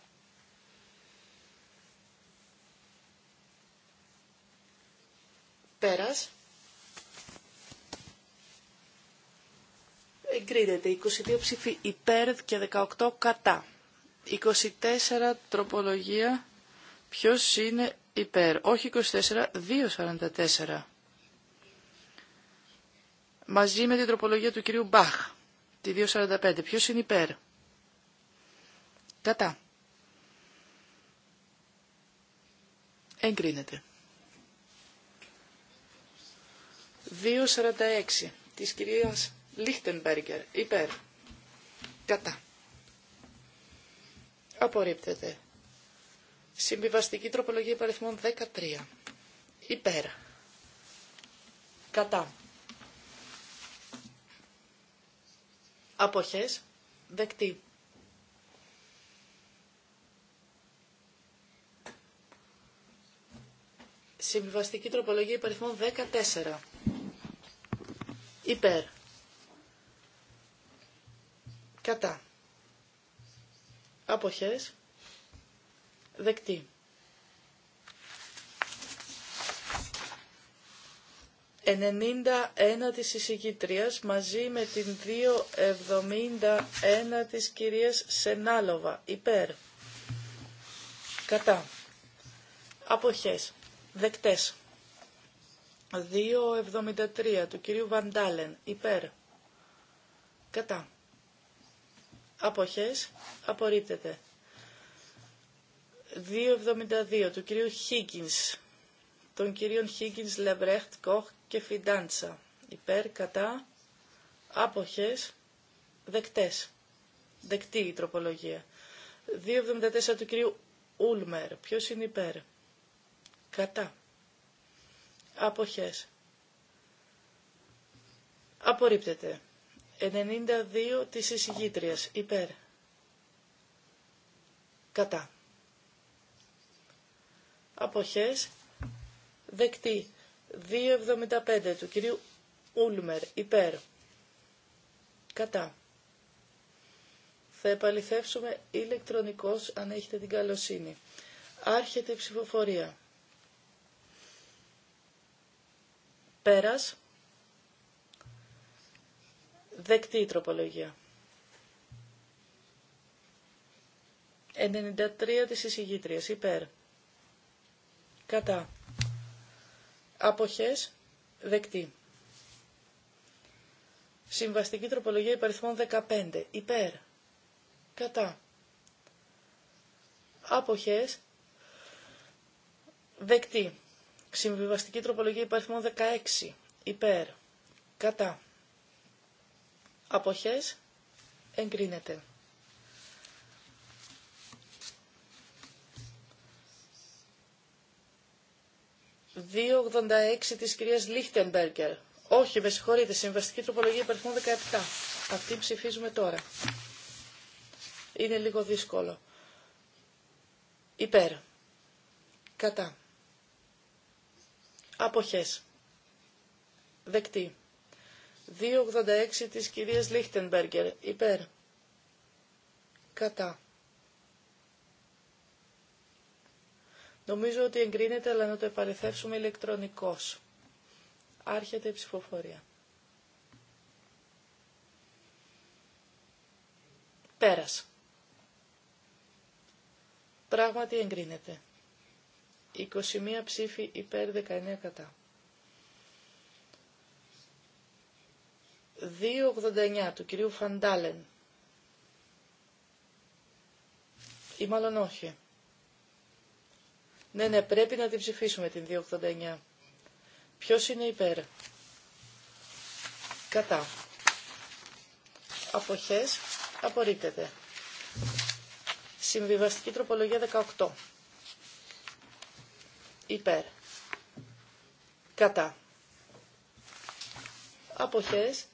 Πέρας. Εγκρίνεται 22 ψήφοι υπέρ και 18 κατά. 24 τροπολογία. Ποιος είναι υπέρ. Όχι 24, 244. Μαζί με την τροπολογία του κυρίου Μπαχ. Τη 2.45. Ποιος είναι υπέρ. Κατά. Εγκρίνεται. 2.46 της κυρίας Λίχτενμπέργκερ. Υπέρ. Κατά. Απορρίπτεται. Συμβιβαστική τροπολογία υπαριθμών 13. Υπέρ. Κατά. Αποχές. Δεκτή. Συμβιβαστική τροπολογία υπαριθμών 14. Υπέρ. Κατά. Αποχές. Δεκτή. 91 της εισηγήτριας μαζί με την 271 της κυρίας Σενάλοβα. Υπέρ. Κατά. Αποχές. Δεκτές. 273 του κυρίου Βαντάλεν. Υπέρ. Κατά. Αποχές. Απορρίπτεται. 272 του κυρίου Χίγκινς Τον κυρίων Χίγκινς, Λεβρέχτ, Κοχ και φιντάντσα. Υπέρ, κατά, άποχες, δεκτές. Δεκτή η τροπολογία. 2.74 του κυρίου Ούλμερ. Ποιος είναι υπέρ. Κατά. Αποχές. Απορρίπτεται. 92 της εισηγήτριας. Υπέρ. Κατά. Αποχές. Δεκτή. 2.75 του κυρίου Ούλμερ υπέρ. Κατά. Θα επαληθεύσουμε ηλεκτρονικώς αν έχετε την καλοσύνη. Άρχεται η ψηφοφορία. Πέρας. Δεκτή η τροπολογία. 93 της εισηγήτριας υπέρ. Κατά αποχές δεκτή. Συμβαστική τροπολογία υπαριθμών 15. Υπέρ. Κατά. Αποχές. Δεκτή. Συμβιβαστική τροπολογία υπαριθμών 16. Υπέρ. Κατά. Αποχές. Εγκρίνεται. 286 της κυρίας Λίχτεμπεργκερ. Όχι, με συγχωρείτε, συμβαστική τροπολογία υπαριθμών 17. Αυτή ψηφίζουμε τώρα. Είναι λίγο δύσκολο. Υπέρ. Κατά. Αποχές. Δεκτή. 286 της κυρίας Λίχτενμπεργκερ. Υπέρ. Κατά. Νομίζω ότι εγκρίνεται, αλλά να το επαληθεύσουμε ηλεκτρονικώς. Άρχεται η ψηφοφορία. Πέρασε. Πράγματι εγκρίνεται. 21 ψήφοι υπέρ 19 κατά. 2.89 του κυρίου Φαντάλεν. Ή μάλλον όχι. Ναι, ναι, πρέπει να την ψηφίσουμε την 289. Ποιος είναι υπέρ. Κατά. Αποχές. Απορρίπτεται. Συμβιβαστική τροπολογία 18. Υπέρ. Κατά. Αποχές.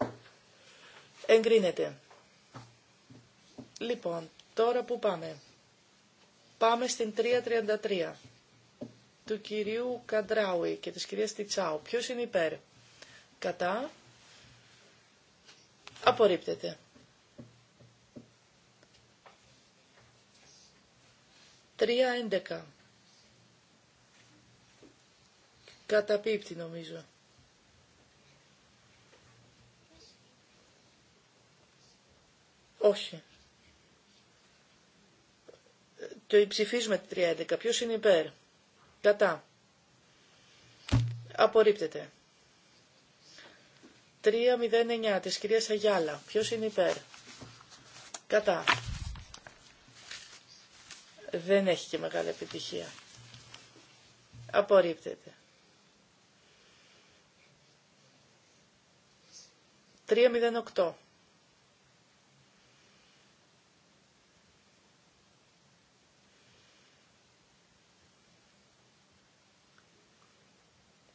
Εγκρίνεται. Λοιπόν, τώρα που πάμε. Πάμε στην 333 του κυρίου Καντράουι και της κυρίας Τιτσάου. Ποιος είναι υπέρ. Κατά. Απορρίπτεται. Τρία έντεκα. Καταπίπτει νομίζω. Όχι. Ε, το υψηφίζουμε τη 311. Ποιος είναι υπέρ. Κατά. Απορρίπτεται. 309 της κυρίας Αγιάλα. Ποιος είναι υπέρ. Κατά. Δεν έχει και μεγάλη επιτυχία. Απορρίπτεται. 308.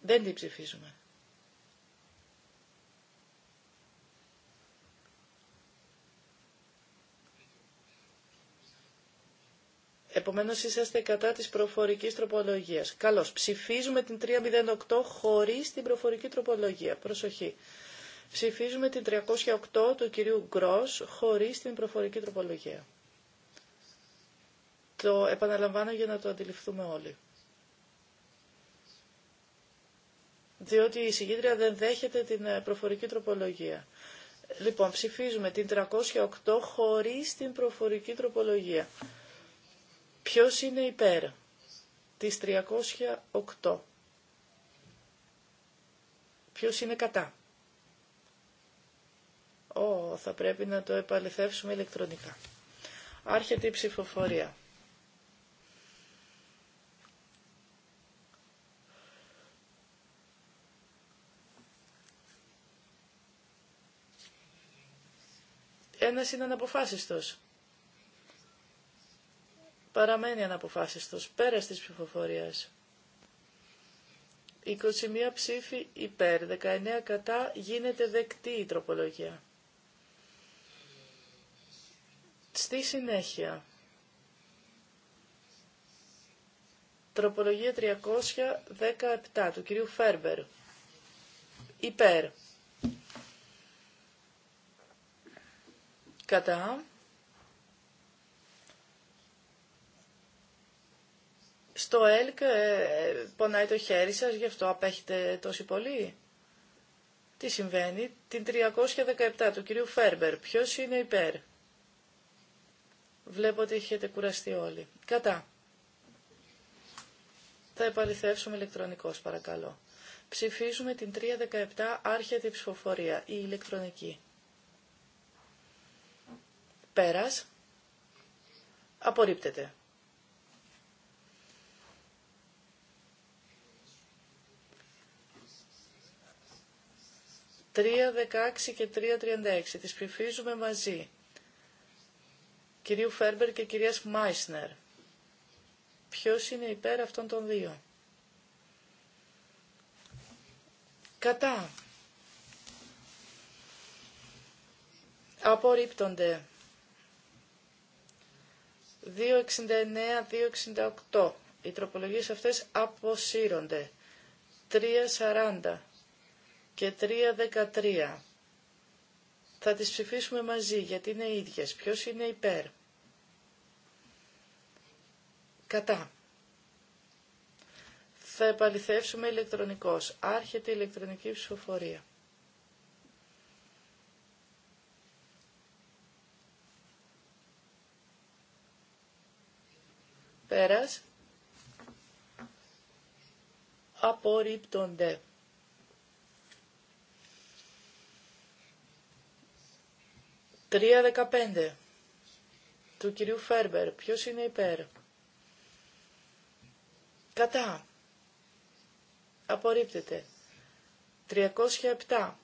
Δεν την ψηφίζουμε. Επομένως είσαστε κατά της προφορικής τροπολογίας. Καλώς. Ψηφίζουμε την 308 χωρίς την προφορική τροπολογία. Προσοχή. Ψηφίζουμε την 308 του κυρίου Γκρός χωρίς την προφορική τροπολογία. Το επαναλαμβάνω για να το αντιληφθούμε όλοι. διότι η συγκίτρια δεν δέχεται την ε, προφορική τροπολογία. Λοιπόν, ψηφίζουμε την 308 χωρίς την προφορική τροπολογία. Ποιος είναι υπέρ της 308. Ποιος είναι κατά. Ω, θα πρέπει να το επαληθεύσουμε ηλεκτρονικά. Άρχεται η ψηφοφορία. ένας είναι αναποφάσιστος. Παραμένει αναποφάσιστος, πέρα της ψηφοφορίας. 21 ψήφοι υπέρ, 19 κατά, γίνεται δεκτή η τροπολογία. Στη συνέχεια, τροπολογία 317 του κυρίου Φέρμπερ, υπέρ. κατά στο ΕΛΚ ε, πονάει το χέρι σας, γι' αυτό απέχετε τόσο πολύ. Τι συμβαίνει, την 317 του κυρίου Φέρμπερ, ποιος είναι υπέρ. Βλέπω ότι έχετε κουραστεί όλοι. Κατά. Θα επαληθεύσουμε ηλεκτρονικός παρακαλώ. Ψηφίζουμε την 317 άρχεται η ψηφοφορία, η ηλεκτρονική. Πέρας. Απορρίπτεται. 3.16 και 3.36. Τις ψηφίζουμε μαζί. Κυρίου Φέρμπερ και κυρίας Μάισνερ. Ποιος είναι υπέρ αυτών των δύο. Κατά. Απορρίπτονται. 269-268. Οι τροπολογίες αυτές αποσύρονται. 340 και 313. Θα τις ψηφίσουμε μαζί γιατί είναι ίδιες. Ποιος είναι υπέρ. Κατά. Θα επαληθεύσουμε ηλεκτρονικός. Άρχεται η ηλεκτρονική ψηφοφορία. Πέρας. Απορρίπτονται. Τρία δεκαπέντε. Του κυρίου Φέρμπερ. Ποιος είναι υπέρ. Κατά. Απορρίπτεται. 307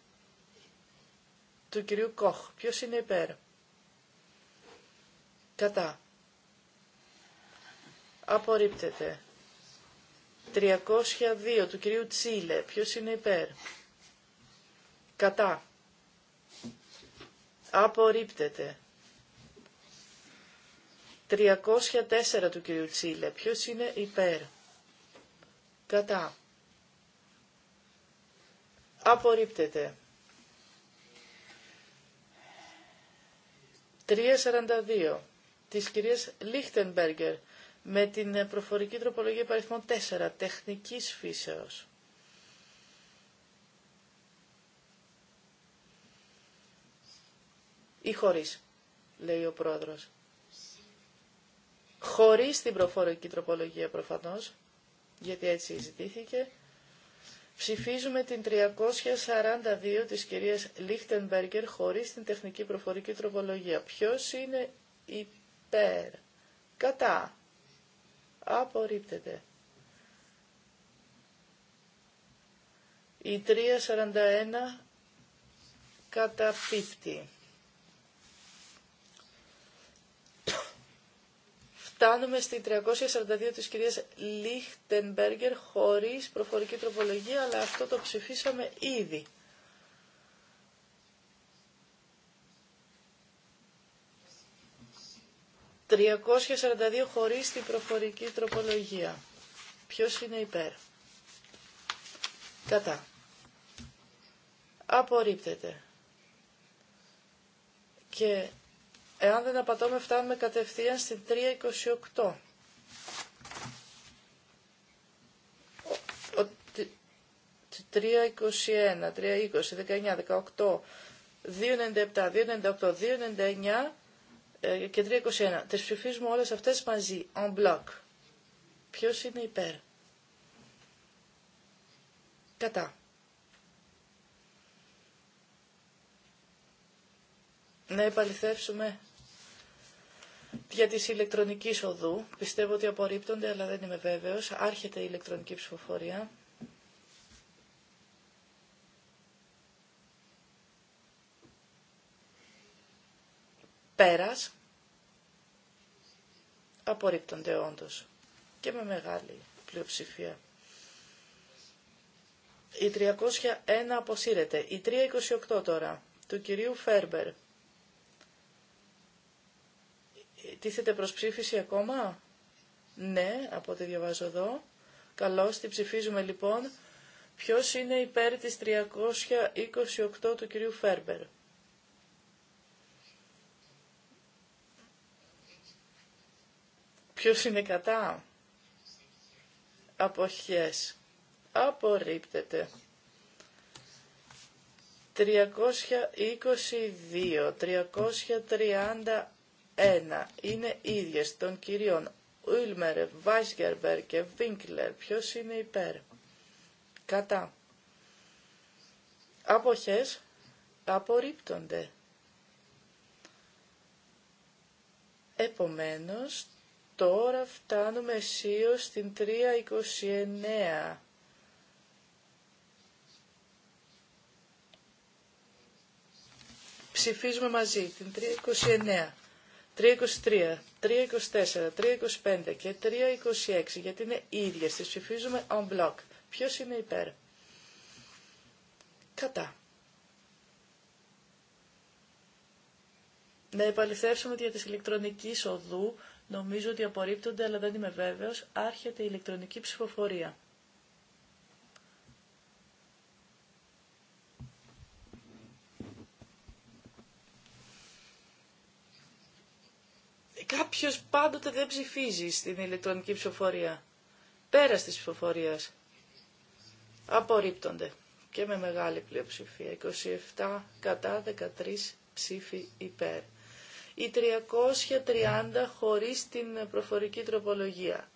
του κυρίου Κοχ. Ποιος είναι υπέρ. Κατά απορρίπτεται. 302 του κυρίου Τσίλε. Ποιος είναι υπέρ. Κατά. Απορρίπτεται. 304 του κυρίου Τσίλε. Ποιος είναι υπέρ. Κατά. Απορρίπτεται. 342 της κυρίας Λίχτενμπέργκερ με την προφορική τροπολογία υπαριθμών 4, τεχνικής φύσεως. Ή χωρίς, λέει ο πρόεδρος. Χωρίς την προφορική τροπολογία προφανώς, γιατί έτσι ζητήθηκε. Ψηφίζουμε την 342 της κυρίας Λίχτενμπέργκερ χωρίς την τεχνική προφορική τροπολογία. Ποιος είναι υπέρ. Κατά. Απορρίπτεται. Η 341 καταπίπτει. Φτάνουμε στη 342 της κυρίας Λίχτενμπέργκερ χωρίς προφορική τροπολογία, αλλά αυτό το ψηφίσαμε ήδη. 342 χωρίς την προφορική τροπολογία. Ποιος είναι υπέρ. Κατά. Απορρίπτεται. Και εάν δεν απατώμε φτάνουμε κατευθείαν στην 328. 321, 320, 19, 18, 297, 298, 299 ε, και 321. Τις ψηφίζουμε όλες αυτές μαζί, en bloc. Ποιος είναι υπέρ. Κατά. Να επαληθεύσουμε για τις ηλεκτρονικής οδού. Πιστεύω ότι απορρίπτονται, αλλά δεν είμαι βέβαιος. Άρχεται η ηλεκτρονική ψηφοφορία. Πέρας. Απορρίπτονται όντως. Και με μεγάλη πλειοψηφία. Η 301 αποσύρεται. Η 328 τώρα, του κυρίου Φέρμπερ. Τίθεται προς ψήφιση ακόμα. Ναι, από ό,τι διαβάζω εδώ. Καλώς, την ψηφίζουμε λοιπόν. Ποιος είναι υπέρ της 328 του κυρίου Φέρμπερ. Ποιος είναι κατά. Αποχές. Απορρίπτεται. 322, 331 είναι ίδιες των κυρίων Ουλμερ, Βάισγερμπερ και Βίνκλερ. Ποιος είναι υπέρ. Κατά. Αποχές απορρίπτονται. Επομένως, Τώρα φτάνουμε αισίως στην 329. Ψηφίζουμε μαζί την 329, 323, 324, 325 και 326 γιατί είναι ίδια. Τις ψηφίζουμε on block. Ποιος είναι υπέρ. Κατά. Να επαληθεύσουμε για τις ηλεκτρονικής οδού Νομίζω ότι απορρίπτονται, αλλά δεν είμαι βέβαιος. Άρχεται η ηλεκτρονική ψηφοφορία. Ε, κάποιος πάντοτε δεν ψηφίζει στην ηλεκτρονική ψηφοφορία. Πέρας της ψηφοφορίας. Απορρίπτονται. Και με μεγάλη πλειοψηφία. 27 κατά 13 ψήφοι υπέρ η 330 χωρίς την προφορική τροπολογία.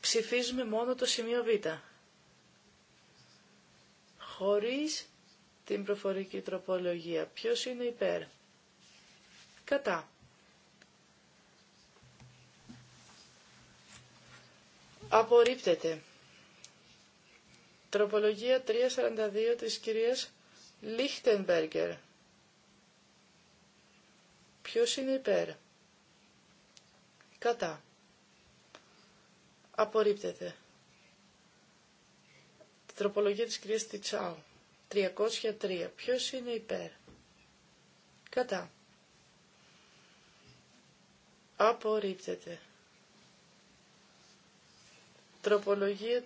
Ψηφίζουμε μόνο το σημείο Β. Χωρίς την προφορική τροπολογία. Ποιος είναι υπέρ. Κατά. Απορρίπτεται. Τροπολογία 342 της κυρίας Λίχτενμπέργκερ. Ποιος είναι υπέρ. Κατά. Απορρίπτεται. Τροπολογία της κυρίας Τιτσάου. 303. Ποιος είναι υπέρ. Κατά. Απορρίπτεται. Τροπολογία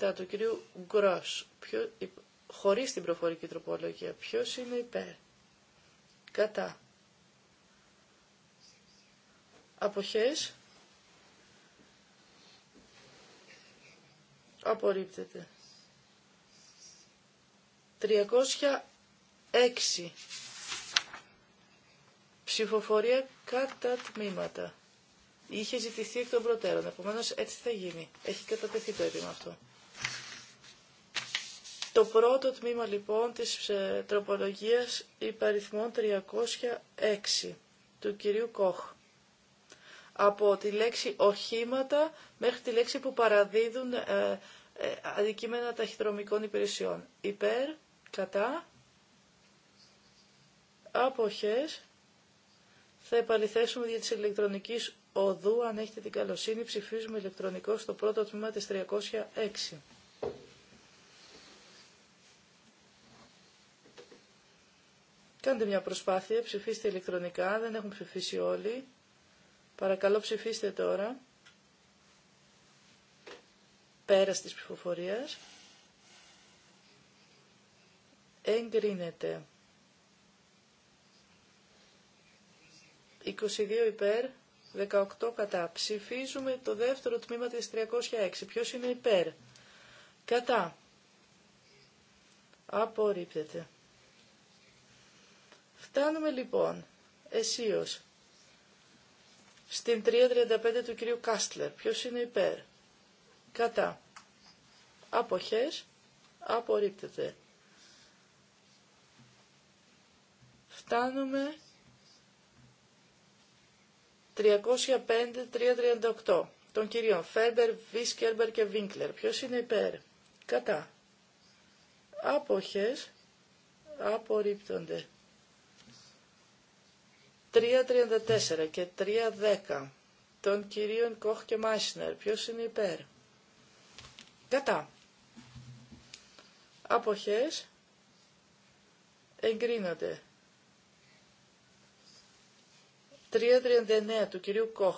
337 του κυρίου Γκρός, Χωρί χωρίς την προφορική τροπολογία. Ποιος είναι υπέρ. Κατά. Αποχές. Απορρίπτεται. 306. Ψηφοφορία κατά τμήματα είχε ζητηθεί εκ των προτέρων. Επομένως έτσι θα γίνει. Έχει κατατεθεί το έτοιμο αυτό. Το πρώτο τμήμα λοιπόν της ε, τροπολογίας υπαριθμών 306 του κυρίου Κόχ. Από τη λέξη οχήματα μέχρι τη λέξη που παραδίδουν ε, ε, αντικείμενα ταχυδρομικών υπηρεσιών. Υπέρ, κατά, αποχές, θα επαληθέσουμε για της ηλεκτρονικής οδού, αν έχετε την καλοσύνη, ψηφίζουμε ηλεκτρονικό στο πρώτο τμήμα της 306. Κάντε μια προσπάθεια, ψηφίστε ηλεκτρονικά, δεν έχουν ψηφίσει όλοι. Παρακαλώ ψηφίστε τώρα. Πέρας της ψηφοφορίας. Εγκρίνεται. 22 υπέρ, 18 κατά. Ψηφίζουμε το δεύτερο τμήμα της 306. Ποιος είναι υπέρ. Κατά. Απορρίπτεται. Φτάνουμε λοιπόν εσίως στην 335 του κυρίου Κάστλερ. Ποιος είναι υπέρ. Κατά. Αποχές. Απορρίπτεται. Φτάνουμε 305-338 των κυρίων Φέρμπερ, Βίσκερμπερ και Βίνκλερ. Ποιος είναι υπέρ. Κατά. Άποχες απορρίπτονται. 3.34 και 3.10 των κυρίων Κοχ και Μάισνερ. Ποιος είναι υπέρ. Κατά. Αποχές εγκρίνονται. 339 του κυρίου Κοχ.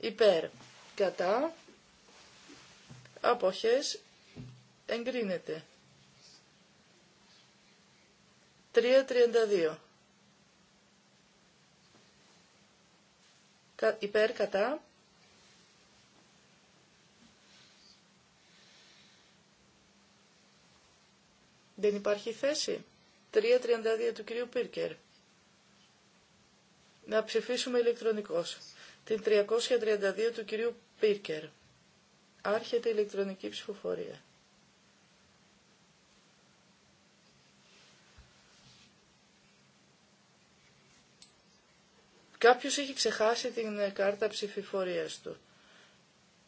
Υπέρ. Κατά. Αποχές. Εγκρίνεται. 332. Υπέρ. Κατά. Δεν υπάρχει θέση. 332 του κυρίου Πίρκερ. Να ψηφίσουμε ηλεκτρονικώς. Την 332 του κυρίου Πίρκερ. Άρχεται η ηλεκτρονική ψηφοφορία. Κάποιος έχει ξεχάσει την ε, κάρτα ψηφοφορίας του.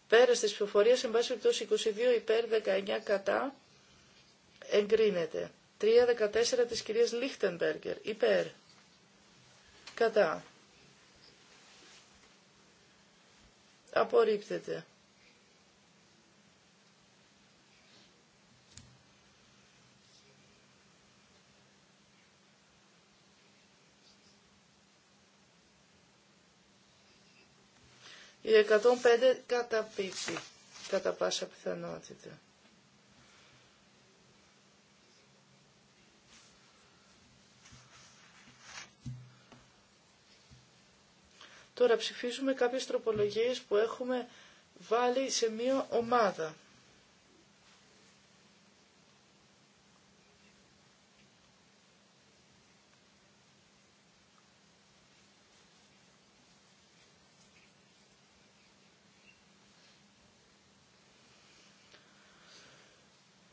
Πέρα της ψηφοφορίας, εν πάση περιπτώσει 22 υπέρ 19 κατά, εγκρίνεται. 3.14 της κυρίας Λίχτενμπέργκερ, υπέρ, κατά, Απορρίπτεται. Η 105 καταπίπτει κατά πάσα πιθανότητα. Τώρα ψηφίζουμε κάποιες τροπολογίες που έχουμε βάλει σε μία ομάδα.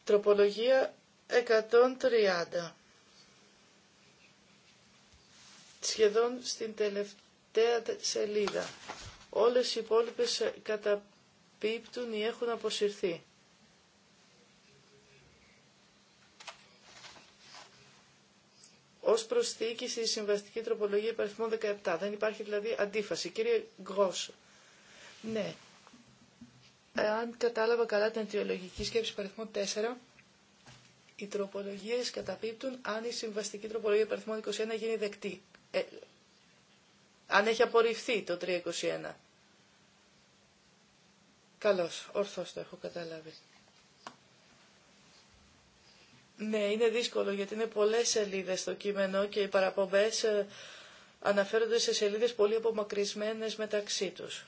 Τροπολογία 130. Σχεδόν στην τελευταία τελευταία σελίδα. Όλες οι υπόλοιπες ε, καταπίπτουν ή έχουν αποσυρθεί. Ως προσθήκη στη συμβαστική τροπολογία υπαριθμό 17. Δεν υπάρχει δηλαδή αντίφαση. Κύριε Γκρόσο. Ναι. Αν κατάλαβα καλά την αιτιολογική σκέψη υπαριθμό 4, οι τροπολογίες καταπίπτουν αν η συμβαστική τροπολογία υπ. 21 γίνει δεκτή. Ε, αν έχει απορριφθεί το 321. Καλώς, ορθώς το έχω καταλάβει. Ναι, είναι δύσκολο γιατί είναι πολλές σελίδες το κείμενο και οι παραπομπές ε, αναφέρονται σε σελίδες πολύ απομακρυσμένες μεταξύ τους.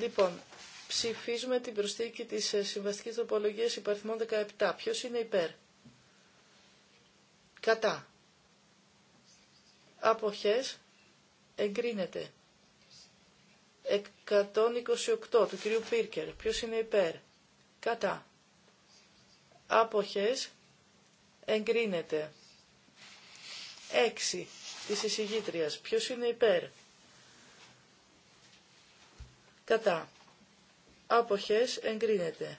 Λοιπόν, ψηφίζουμε την προσθήκη της ε, συμβαστικής τροπολογίας υπαριθμών 17. Ποιος είναι υπέρ? Κατά. Αποχές εγκρίνεται. 128 του κυρίου Πίρκερ. Ποιο είναι υπέρ. Κατά. Άποχες. Εγκρίνεται. 6 της εισηγήτριας. Ποιος είναι υπέρ. Κατά. Άποχες. Εγκρίνεται.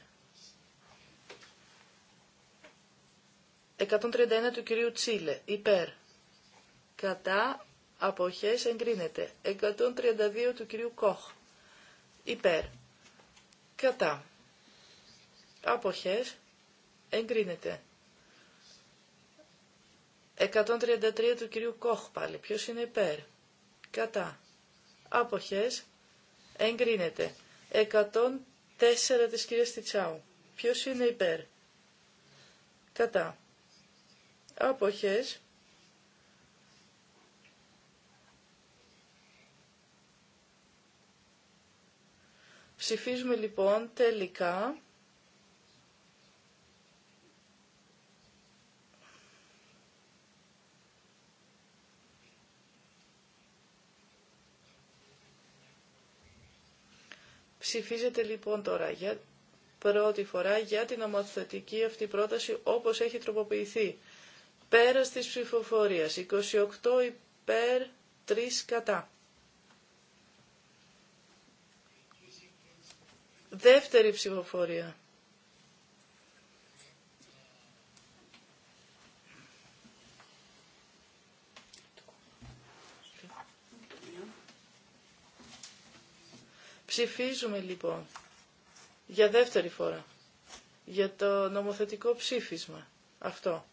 131 του κυρίου Τσίλε. Υπέρ. Κατά αποχές εγκρίνεται. 132 του κυρίου Κόχ. Υπέρ. Κατά. Αποχές εγκρίνεται. 133 του κυρίου Κόχ πάλι. Ποιος είναι υπέρ. Κατά. Αποχές εγκρίνεται. 104 της κυρίας Τιτσάου. Ποιος είναι υπέρ. Κατά. Αποχές Ψηφίζουμε λοιπόν τελικά Ψηφίζεται λοιπόν τώρα για πρώτη φορά για την ομοθετική αυτή πρόταση όπως έχει τροποποιηθεί. Πέρας της ψηφοφορίας, 28 υπέρ, 3 κατά. Δεύτερη ψηφοφορία. Ψηφίζουμε λοιπόν για δεύτερη φορά για το νομοθετικό ψήφισμα αυτό.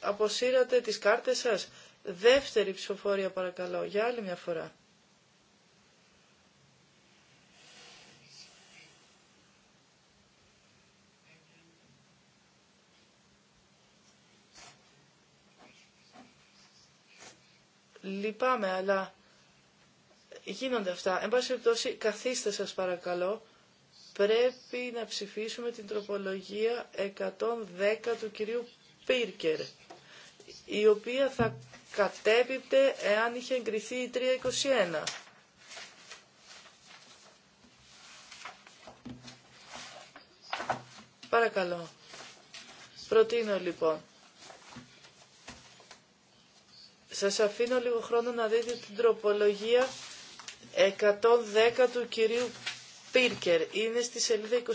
Αποσύρατε τις κάρτες σας. Δεύτερη ψηφοφορία παρακαλώ για άλλη μια φορά. Λυπάμαι, αλλά γίνονται αυτά. Εν πάση περιπτώσει, καθίστε σας παρακαλώ. Πρέπει να ψηφίσουμε την τροπολογία 110 του κυρίου Πίρκερ, η οποία θα κατέπιπτε εάν είχε εγκριθεί η 321. Παρακαλώ. Προτείνω λοιπόν σας αφήνω λίγο χρόνο να δείτε την τροπολογία 110 του κυρίου Πίρκερ. Είναι στη σελίδα 23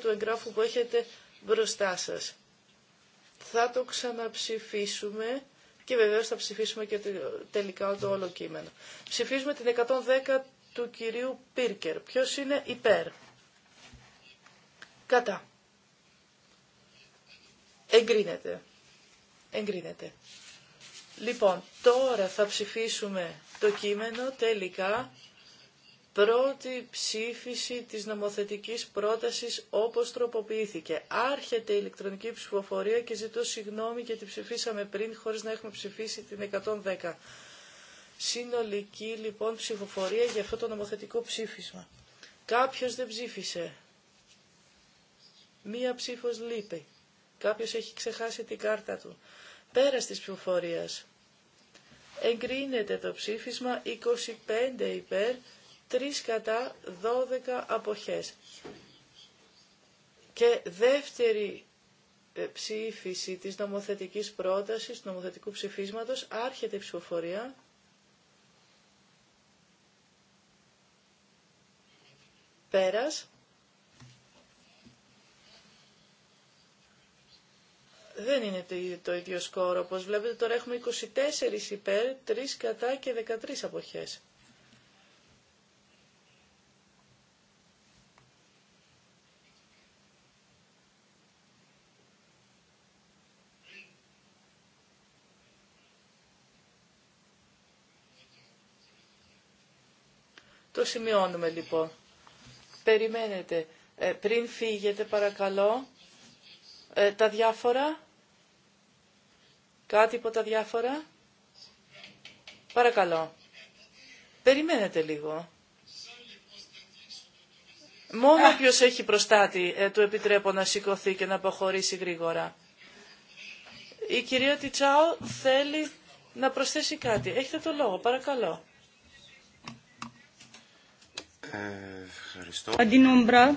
του εγγράφου που έχετε μπροστά σας. Θα το ξαναψηφίσουμε και βεβαίως θα ψηφίσουμε και τελικά το όλο κείμενο. Ψηφίζουμε την 110 του κυρίου Πίρκερ. Ποιος είναι υπέρ. Κατά. Εγκρίνεται. Εγκρίνεται. Λοιπόν, τώρα θα ψηφίσουμε το κείμενο τελικά πρώτη ψήφιση της νομοθετικής πρότασης όπως τροποποιήθηκε. Άρχεται η ηλεκτρονική ψηφοφορία και ζητώ συγγνώμη γιατί ψηφίσαμε πριν χωρίς να έχουμε ψηφίσει την 110. Συνολική λοιπόν ψηφοφορία για αυτό το νομοθετικό ψήφισμα. Κάποιος δεν ψήφισε. Μία ψήφος λείπει. Κάποιος έχει ξεχάσει την κάρτα του. Πέρας της ψηφοφορίας εγκρίνεται το ψήφισμα 25 υπέρ, 3 κατά 12 αποχές. Και δεύτερη ε, ψήφιση της νομοθετικής πρότασης, του νομοθετικού ψηφίσματος, άρχεται η ψηφοφορία. Πέρας. δεν είναι το ίδιο σκόρο. Όπως βλέπετε τώρα έχουμε 24 υπέρ, 3 κατά και 13 αποχές. Το σημειώνουμε λοιπόν. Περιμένετε. Ε, πριν φύγετε παρακαλώ ε, τα διάφορα. Κάτι από τα διάφορα. Παρακαλώ. Περιμένετε λίγο. Μόνο ποιος έχει προστάτη ε, του επιτρέπω να σηκωθεί και να αποχωρήσει γρήγορα. Η κυρία Τιτσάου θέλει να προσθέσει κάτι. Έχετε το λόγο, παρακαλώ. Ε, ευχαριστώ. Αντινούμπρα,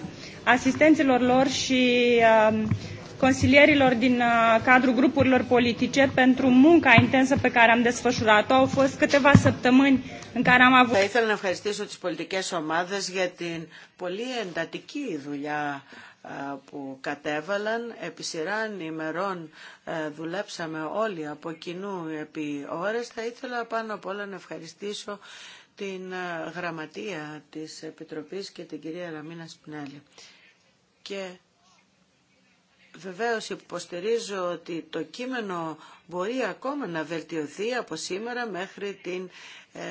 consilierilor din uh, cadrul grupurilor politice pentru munca intensă pe care am desfășurat-o. Au fost câteva săptămâni în care am avut... Θα ήθελα να ευχαριστήσω τις πολιτικές ομάδες για την πολύ εντατική δουλειά ε, που κατέβαλαν. Επί σειρά ημερών ε, δουλέψαμε όλοι από κοινού επί ώρες. Θα ήθελα πάνω απ' όλα να ευχαριστήσω την ε, γραμματεία της Επιτροπής και την κυρία Ραμίνα Σπινέλη. Και Βεβαίως υποστηρίζω ότι το κείμενο μπορεί ακόμα να βελτιωθεί από σήμερα μέχρι την ε,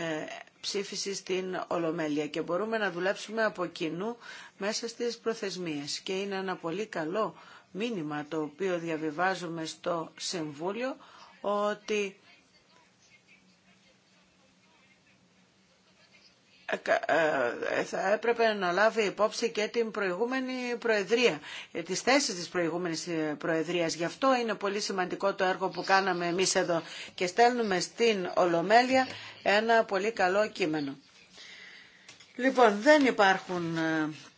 ψήφιση στην Ολομέλεια και μπορούμε να δουλέψουμε από κοινού μέσα στις προθεσμίες. Και είναι ένα πολύ καλό μήνυμα το οποίο διαβιβάζουμε στο Συμβούλιο ότι Ε, ε, ε, θα έπρεπε να λάβει υπόψη και την προηγούμενη Προεδρία, τις θέσεις της προηγούμενης Προεδρίας. Γι' αυτό είναι πολύ σημαντικό το έργο που κάναμε εμείς εδώ και στέλνουμε στην Ολομέλεια ένα πολύ καλό κείμενο. Λοιπόν, δεν, υπάρχουν,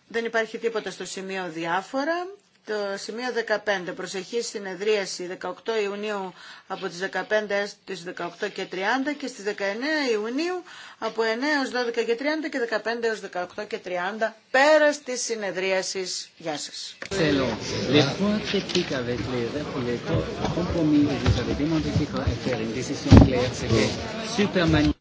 δεν υπάρχει τίποτα στο σημείο διάφορα. Το σημείο 15. Προσεχή συνεδρίαση 18 Ιουνίου από τις 15 έως τις 18 και 30 και στις 19 Ιουνίου από 9 έως 12 και 30 και 15 έως 18 και 30 πέρα τη συνεδρίαση. Γεια σας.